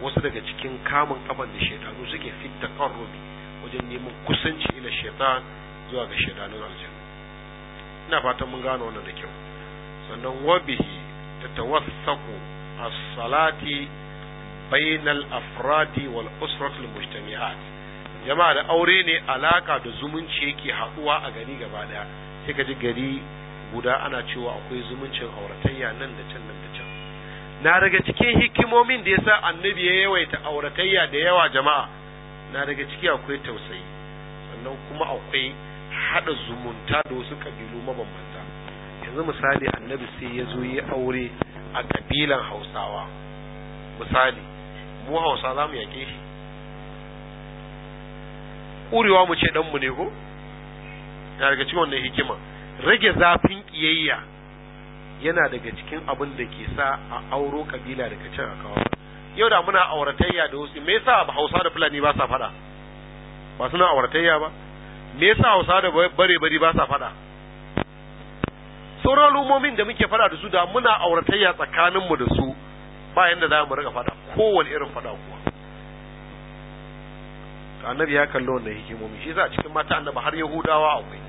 wasu daga cikin kamun kaban da shaytanu suke fi taqarrubi wajen neman kusanci ila shaytan zuwa ga shaytanun aljanna ina fatan mun gane wannan da kyau sannan wabihi ta تتوثق الصلاة بين الأفراد والأسرة المجتمعات jama'a da aure ne alaka da zumunci yake haƙuwa a gari gaba daya sai ka gari guda ana cewa akwai zumuncin auratayya nan da can nan da can na daga cikin hikimomin da yasa annabi ya yawaita auratayya da yawa jama'a na daga ciki akwai tausayi sannan kuma akwai haɗa zumunta da wasu ƙabilu mabambanta yanzu misali annabi sai ya zo yi aure a kabilan hausawa misali mu hausa za mu yaƙe shi ƙurewa mu ce ɗanmu ne ko na daga cikin wannan hikima rage zafin ƙiyayya yana daga cikin abin da ke sa a auro kabila daga can a kawo yau da muna auratayya da wasu me yasa hausa da fulani ba sa faɗa ba suna auratayya ba me yasa hausa da bare bari ba sa faɗa sauran rumomin da muke fada da su da muna auratayya tsakaninmu da su ba yanda za mu riga fada kowane irin fada kuwa annabi ya kallo wannan hikimomi shi yasa cikin mata annabi har yahudawa akwai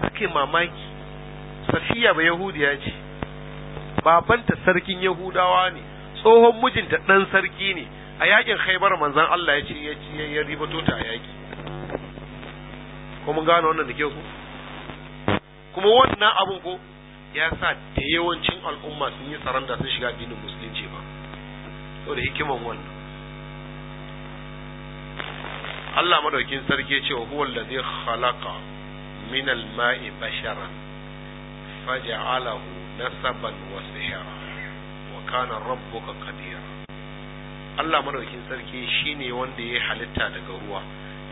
ake mamaki safiya ba yahudiya ce babanta sarkin yahudawa ne tsohon mijinta dan sarki ne a yakin haibar manzon Allah ya ce ya ribato ta a yaki ko mun gano wannan da ke ku kuma wannan abun ko ya sa da yawancin al'umma sun yi tsaron da sun shiga addinin musulunci ba saboda hikiman wannan Allah madaukin sarki ce wa huwa allazi khalaqa min al-ma'i basharan faj'alahu nasaban wa sihra wa kana rabbuka qadira Allah madaukin sarki shine wanda ya halitta daga ruwa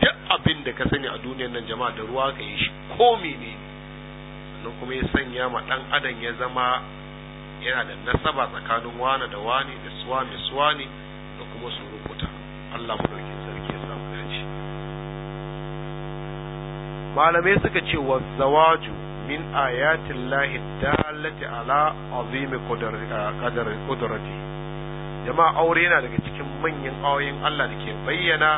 duk abin da ka sani a duniyar nan jama'a da ruwa ka yi shi ko menene sannan kuma ya sanya ma ɗan adam ya zama yana da nasaba tsakanin wani da wani da suwane suwane da kuma su rubuta Allah mu dauki sarki ya samu dace malamai suka ce wa zawaju min ayatin lahi dalati ala azimi kudrati jama'a aure yana daga cikin manyan ayoyin Allah da ke bayyana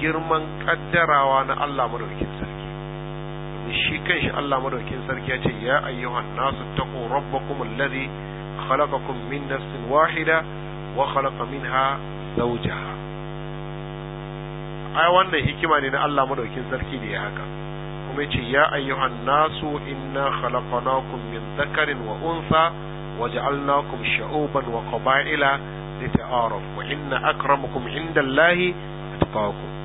girman kaddarawa na Allah madaukakin shi kanshi Allah madaukin sarki ya ce ya ayyuhan nasu taqu rabbakum alladhi khalaqakum min nafsin wahida wa khalaqa minha zawjaha ai wannan hikima ne na Allah madaukin sarki da ya haka kuma yace ya ayyuhan nasu inna khalaqnakum min dhakarin wa untha waja'alnakum sha'uban wa qaba'ila lita'arafu inna akramakum indallahi Allahi atqakum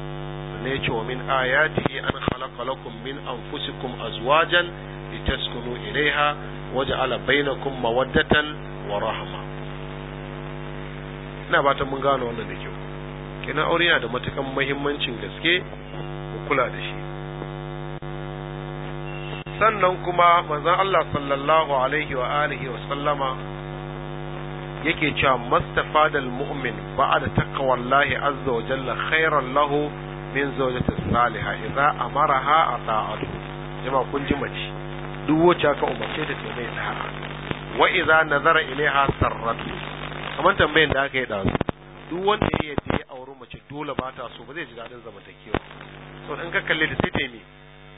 sannan ce min ayatihi an khalaqa lakum min anfusikum azwajan litaskunu ilaiha waja'ala bainakum mawaddatan wa rahma ina fatan mun gano wannan da kyau Kina aure yana da matukan muhimmancin gaske ku kula da shi sannan kuma manzon Allah sallallahu alaihi wa alihi wa sallama yake cewa mastafadal mu'min ba'da taqwallahi azza wa jalla khairan lahu min zawjatis saliha idza amaraha ata'atu jama kun ji mace duk wacce aka umarce ta ta mai da'a wa idza nazara ilaiha sarratu kamar tambayin da aka yi da duk wanda ya yi ya auri mace dole ba ta so ba zai ji dadin zamantakewa so in ka kalle ta sai ta yi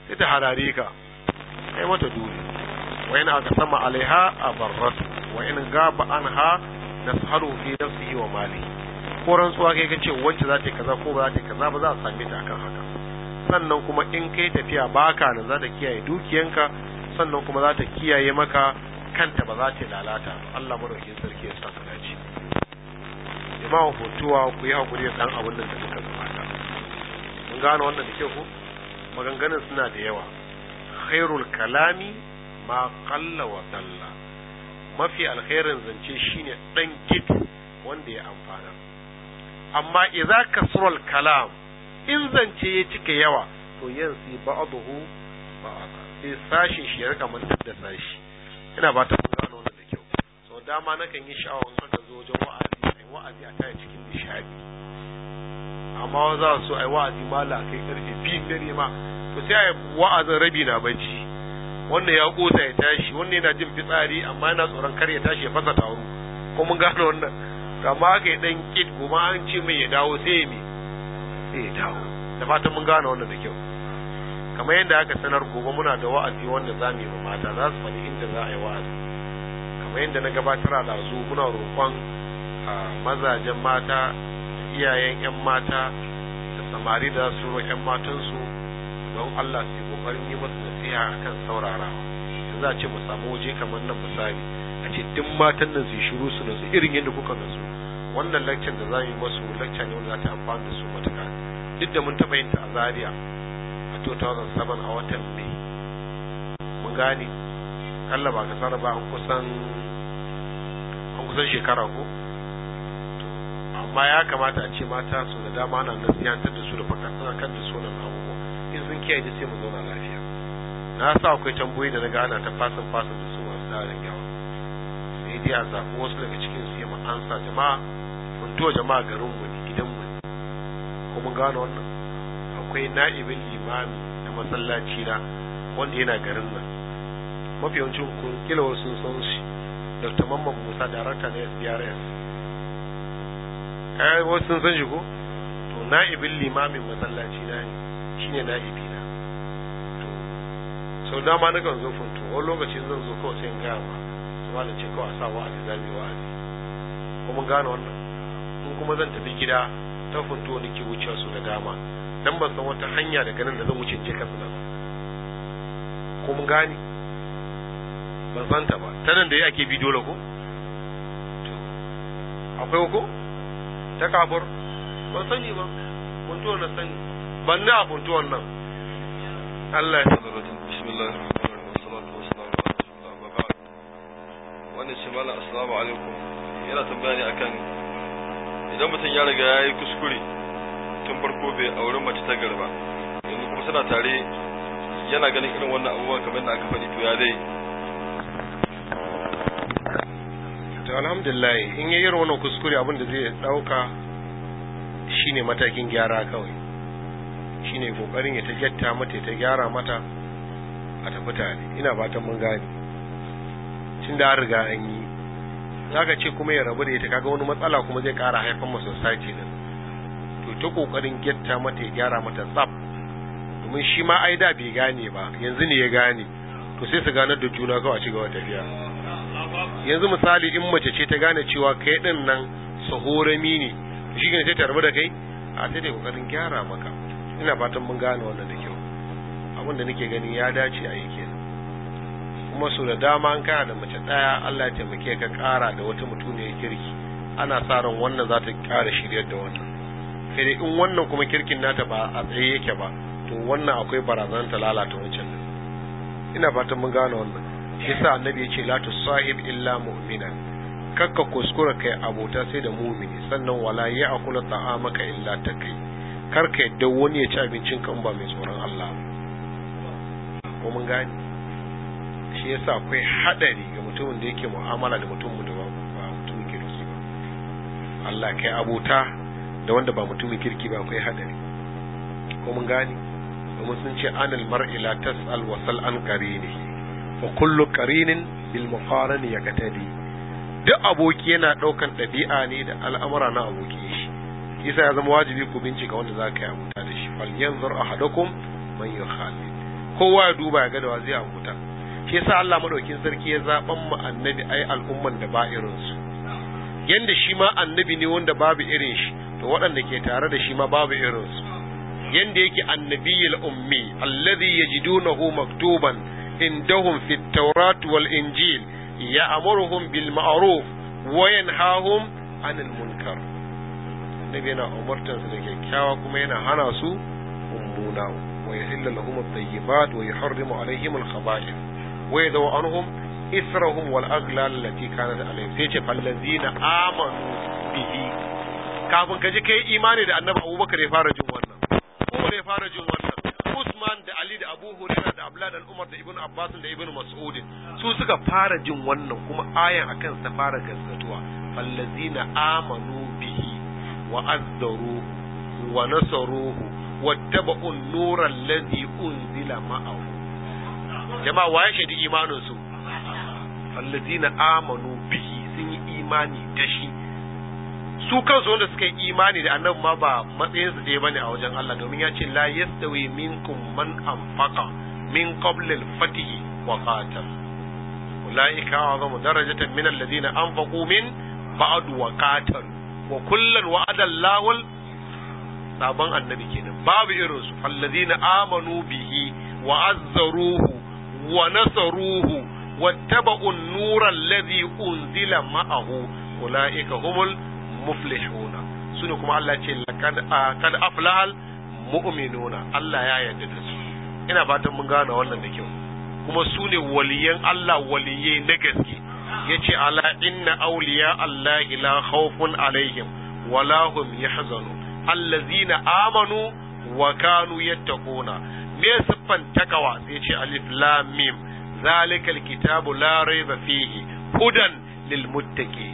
sai ta harare ka kai mata dole wa in aka sama alaiha abarratu wa in gaba anha nasharu fi nafsihi wa malihi ko rantsuwa kai ka ce wacce za ta kaza ko ba za ta kaza ba za a same ta akan haka sannan kuma in kai tafiya baka nan za ta kiyaye dukiyanka sannan kuma za ta kiyaye maka kanta ba za ta lalata ba Allah madaukakin sarki ya sa ka dace jama'a hotuwa ku yi hakuri da dan abin da suka gabata mun gano wannan da ke ku maganganun suna da yawa khairul kalami ma qalla wa dalla mafi alkhairin zance shine dan kit wanda ya amfana amma idza kasrul kalam in zance ya cika yawa to yansi ba'dahu ba'da sai Sashi shi ya rika mantar da sashi ina ba ta gano wannan da kyau so dama kan yi sha'awar haka ka zo wajen wa'azi ai wa'azi a taya cikin nishadi amma za su ai wa'azi mala kai karfe biyu dare ma to sai ai wa'azin rabi na bacci wannan ya kosa ya tashi wannan yana jin fitsari amma yana tsoron kar ya tashi ya fasa taro ko mun gano wannan amma yi ɗan kit kuma an ce mai ya dawo sai me sai ya dawo da fatan mun gane wannan da kyau kamar yadda aka sanar gobe muna da wa'azi wanda za mu yi wa mata za su faɗi inda za a yi wa'azi kamar yadda na gabatar a lazu muna roƙon mazajen mata iyayen 'yan mata da samari da su ro 'yan matansu don Allah su kokarin yi masu nasiha kan saurara yanzu za a ce mu samu waje kamar nan misali a ce duk matan nan su shiru su nasu irin yadda kuka nasu wannan lakcin da za yi masu lakca ne wanda za ta amfani da su matuƙa duk da mun taɓa yin ta a Zaria a 2007 a watan Mai mun gane kalla ba ka ba an kusan an kusan shekara ko amma ya kamata a ce mata su da dama ana nasihantar da su da kan da su nan abubuwa in sun kiyaye da sai mu zauna lafiya na sa akwai tambayoyi da na ana ta fasin fasin da su masu tsarin yawa sai dai a zaɓi wasu daga cikin su yi ma'ansa jama'a Gwanduwa jama'a garin mu ne idan mu ko mun gano wannan akwai na'ibin limami na masallaci na wanda yana garin nan mafi yawancin ku kila wasu sun shi Dr. Mamman Musa darakta na SDRS eh wasu sun san shi ko to na'ibin limamin masallaci na ne shine na'ibi na sau dama na kan zo funtu wani lokaci zan zo kawai sai in gaya ma su malam ce kawai a sa wa'azi zabi wa'azi kuma gane wannan ko kuma zan tafi gida ta funto ke wucewa su da dama dan ban san wata hanya daga nan da zan wuce je na ba ko mun gane ban san ta ba ta nan da ake bi dole ko akwai ko ta kabur ban sani ba funtuwar na sani ban na funtuwar nan Allah ya tabbata bismillahir rahmanir rahim wassalatu wassalamu ala rasulillah wa ba'd assalamu alaikum yana tambaya ne akan idan mutum ya riga ya yi kuskure tun farko bai auri mace ta garba yanzu kuma suna tare yana ganin irin wannan abubuwan kamar da aka faɗi to ya dai to alhamdulillah in ya irin wannan kuskure abin da zai dauka shine matakin gyara kawai shine kokarin ya ta jatta mata ta gyara mata a tafi tare ina fatan mun gane tun da riga an yi zaka ce kuma ya rabu da ita kaga wani matsala kuma zai kara haifan ma society din to ta kokarin getta mata ya gyara mata tsaf domin shi ma ai da bai gane ba yanzu ne ya gane to sai su ganar da juna kawai a ci gaba tafiya yanzu misali in mace ce ta gane cewa kai din nan sahorami ne shi ne sai ta rabu da kai a sai dai kokarin gyara maka ina fatan mun gane wannan da kyau abin da nake gani ya dace a yake kuma su da dama an kana da mace ɗaya Allah ya taimake ka ƙara da wata mutuniyar kirki ana sa ran wannan za ta ƙara shiryar da wannan sai dai in wannan kuma kirkin nata ba a tsaye yake ba to wannan akwai barazanar ta lalata wancan ina fatan mun gane wannan yasa annabi ya ce la tusahib illa mu'mina kakka kuskura kai abota sai da mu'mini sannan wala ya akula ta'amaka illa ta kai kar yadda wani ya ci abincin kan ba mai tsoron Allah ko mun gane shi yasa akwai hadari ga mutumin da yake mu'amala da mutum da ba mutumin kirki ba Allah kai abota da wanda ba mutumin kirki ba akwai hadari ko mun gane kuma sun ce anil mar'i la tas'al wa sal an qarini fa kullu qarinin bil muqaran yaqtadi duk aboki yana daukan dabi'a ne da al'amura na aboki shi yasa ya zama wajibi ku bincika wanda za ka yi abota da shi fal yanzur ahadukum man yukhalid kowa duba ya ga da wa zai abota shi yasa Allah madaukin sarki ya zaban mu annabi ai al'umman da ba irin su yanda shi ma annabi ne wanda babu irin shi to waɗanda ke tare da shi ma babu irin su yanda yake annabiyul ummi alladhi yajidunahu maktuban indahum fit tawrat wal injil ya'muruhum bil ma'ruf wa yanhahum anil munkar annabi yana umurtan su da kyakkyawa kuma yana hana su mummuna wa yahillu lahum at-tayyibat wa yuharrimu alaihim al-khaba'ith wa yadhu anhum israhum wal aghlal allati kanat alayhim sai ce fallazina amanu bihi kafin ka ji kai imani da annabi Abubakar ya fara jin wannan Umar ya fara jin wannan Usman da Ali da Abu Hurairah da Abdullah da Umar da Ibn Abbas da Ibn Mas'ud su suka fara jin wannan kuma ayan akan sa fara gaskatuwa fallazina amanu bihi wa wa jama'a waye shaidi imanin su allazina amanu bihi sun yi imani da shi su kansu wanda suka yi imani da annabi ma ba matsayin su dai bane a wajen Allah domin ya ce la yastawi minkum man anfaqa min qabl al-fatih wa qatal ulaika a'zamu darajatan min alladhina anfaqu min ba'd wa qatal wa kullal wa'ada Allahu sabon annabi kenan babu irin su amanu bihi wa azzaruhu wa nasaruhu wattaba'u an-nura alladhi unzila ma'ahu ulaika humul muflihuna sune kuma Allah ce laqad kad aflahal mu'minuna Allah ya yarda da su ina fatan mun gane wannan da kyau kuma su ne waliyan Allah waliyai na gaske yace ala inna awliya Allah la alaihim wala hum yahzanun amanu wa kanu me siffan takawa sai ce alif lam mim zalikal kitabu la raiba fihi hudan lil muttaqi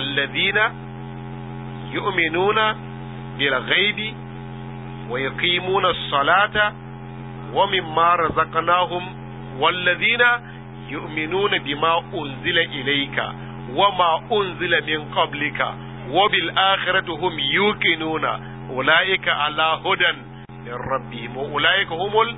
alladhina yu'minuna bil ghaibi wa yuqimuna as-salata wa mimma razaqnahum walladhina yu'minuna bima unzila ilayka wa ma unzila min qablika wa bil akhirati hum yuqinuna ulaika ala hudan min rabbihim wa ulaika humul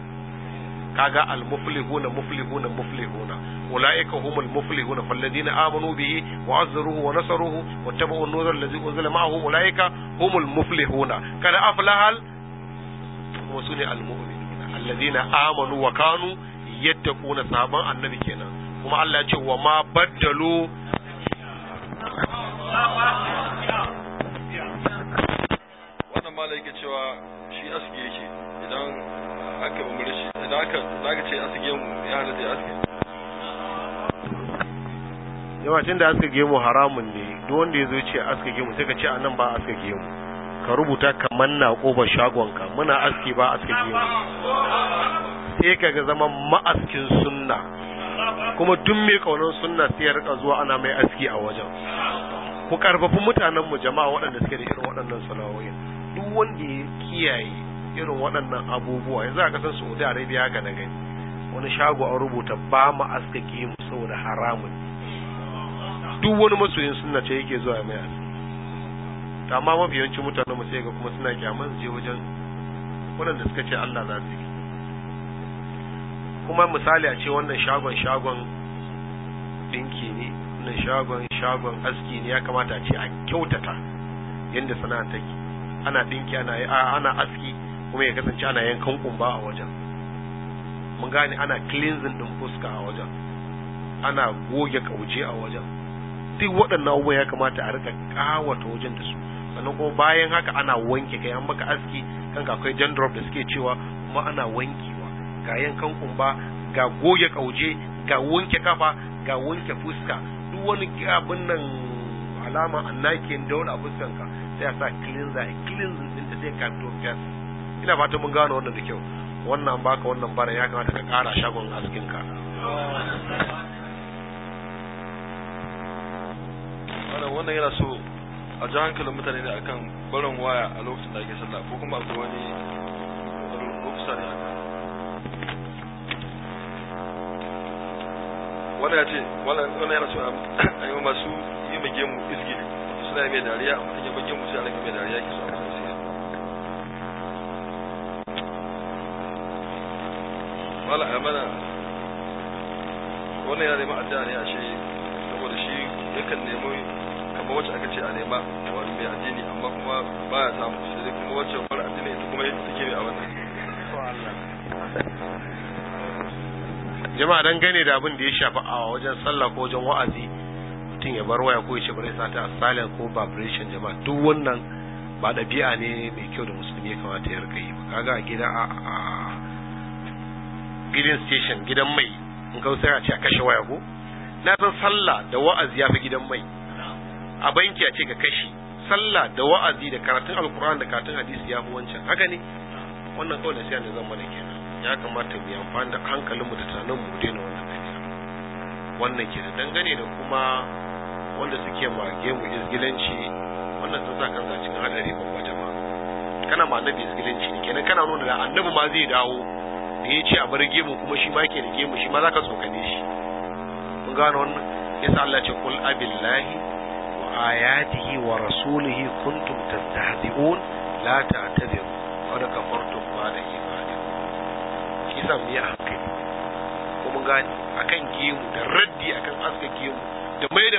kaga al muflihuna muflihuna muflihuna ulaika humul muflihuna ladina amanu bihi wa azruhu wa nasaruhu wa tabu'u an-nur allazi unzila ma'ahu ulaika humul muflihuna kada aflahal wasu ne al mu'minuna alladhina amanu wa kanu yattaquna sahaban annabi kenan kuma Allah ya ce wa ma baddalu wannan malai yake cewa shi aski yake idan aka umar shi idan aka zaka ce aski mu ya halatta ya aski yawa tun da aska gemu haramun ne duk wanda ya zo ce aska gemu sai ka ce a nan ba aska gemu ka rubuta kamar na ƙobar shagonka muna aski ba aska gemu sai ka ga zama ma'askin sunna kuma duk mai kaunar sunna sai ya rika zuwa ana mai aski a wajen ku karfafi mutanen mu jama'a waɗanda suke da irin waɗannan salawoyin duk wanda ya kiyaye irin waɗannan abubuwa yanzu a ƙasar saudi arabia ga na gani wani shago an rubuta ba mu aska mu saboda haramun duk wani masoyin suna ce yake zuwa mai aski amma mafi yawancin mutanen mu sai ga kuma suna kyaman wajen waɗanda suka ce Allah za su yi kuma misali a ce wannan shagon shagon ɗinki ne wannan shagon shagon aski ne ya kamata a ce a kyautata yadda sana'a take ana dinki ana ana aski kuma ya kasance ana yankan kumba a wajen mun gane ana cleansing din fuska a wajen ana goge kauce a wajen duk waɗannan abubuwa ya kamata a rika kawata wajen da su sannan kuma bayan haka ana wanke kai an maka aski kan akwai drop da suke cewa kuma ana wankewa ga yankan kumba ga goge kauje ga wanke kafa ga wanke fuska duk wani abin nan alama annaki da wani a fuskanka sai a sa cleanser a cleanser din ta sai ka fito fes ina fata mun gano wannan da kyau wannan baka wannan bara ya kamata ka kara shagon askin ka wannan wannan yana so a ji hankalin mutane ne akan barin waya a lokacin da ake sallah ko kuma akwai wani ofisa ne wannan ya ce wannan yana so a yi masu yi mu iskili Allah ya mai dariya ya mai dariya ki amana wannan ya nemi addu'a ne a shi saboda shi yakan nemi kamar wacce aka ce a nema wani mai addini amma kuma ya samu sai dai kuma wacce mara addini ita kuma a wannan jama'a dangane da abin da ya shafi a wajen sallah ko wajen wa'azi mutum ya bar waya ko ya ce bari sa ta silent ko vibration jama'a duk wannan ba ɗabi'a ne mai kyau da musulmi ya kamata ya rika yi ba kaga a gida a gidan station gidan mai in ka sai a ce a kashe waya ko na san sallah da wa'azi ya fi gidan mai a banki a ce ka kashe sallah da wa'azi da karatun alkur'an da karatun hadisi ya fi wancan haka ne wannan kawai nasiha ne zan mana kenan ya kamata mu yi amfani da hankalinmu da tunaninmu mu daina wannan wannan ke da dangane da kuma wanda suke ma gemu izgilanci wannan sun sa kansa cikin hadari babba jama'a kana ma annabi izgilanci ne kenan kana nuna da annabi ma zai dawo da ya ce a bar gemu kuma shi ma ke da gemu shi ma zaka tsokane shi kun gano wannan yasa Allah ce kul abillahi wa ayatihi wa rasulihi kuntum tastahzi'un la ta'tadiru qad kafartum da imanikum shi sa mu yi hankali ko mun gane akan gemu da raddi akan aska gemu da mai da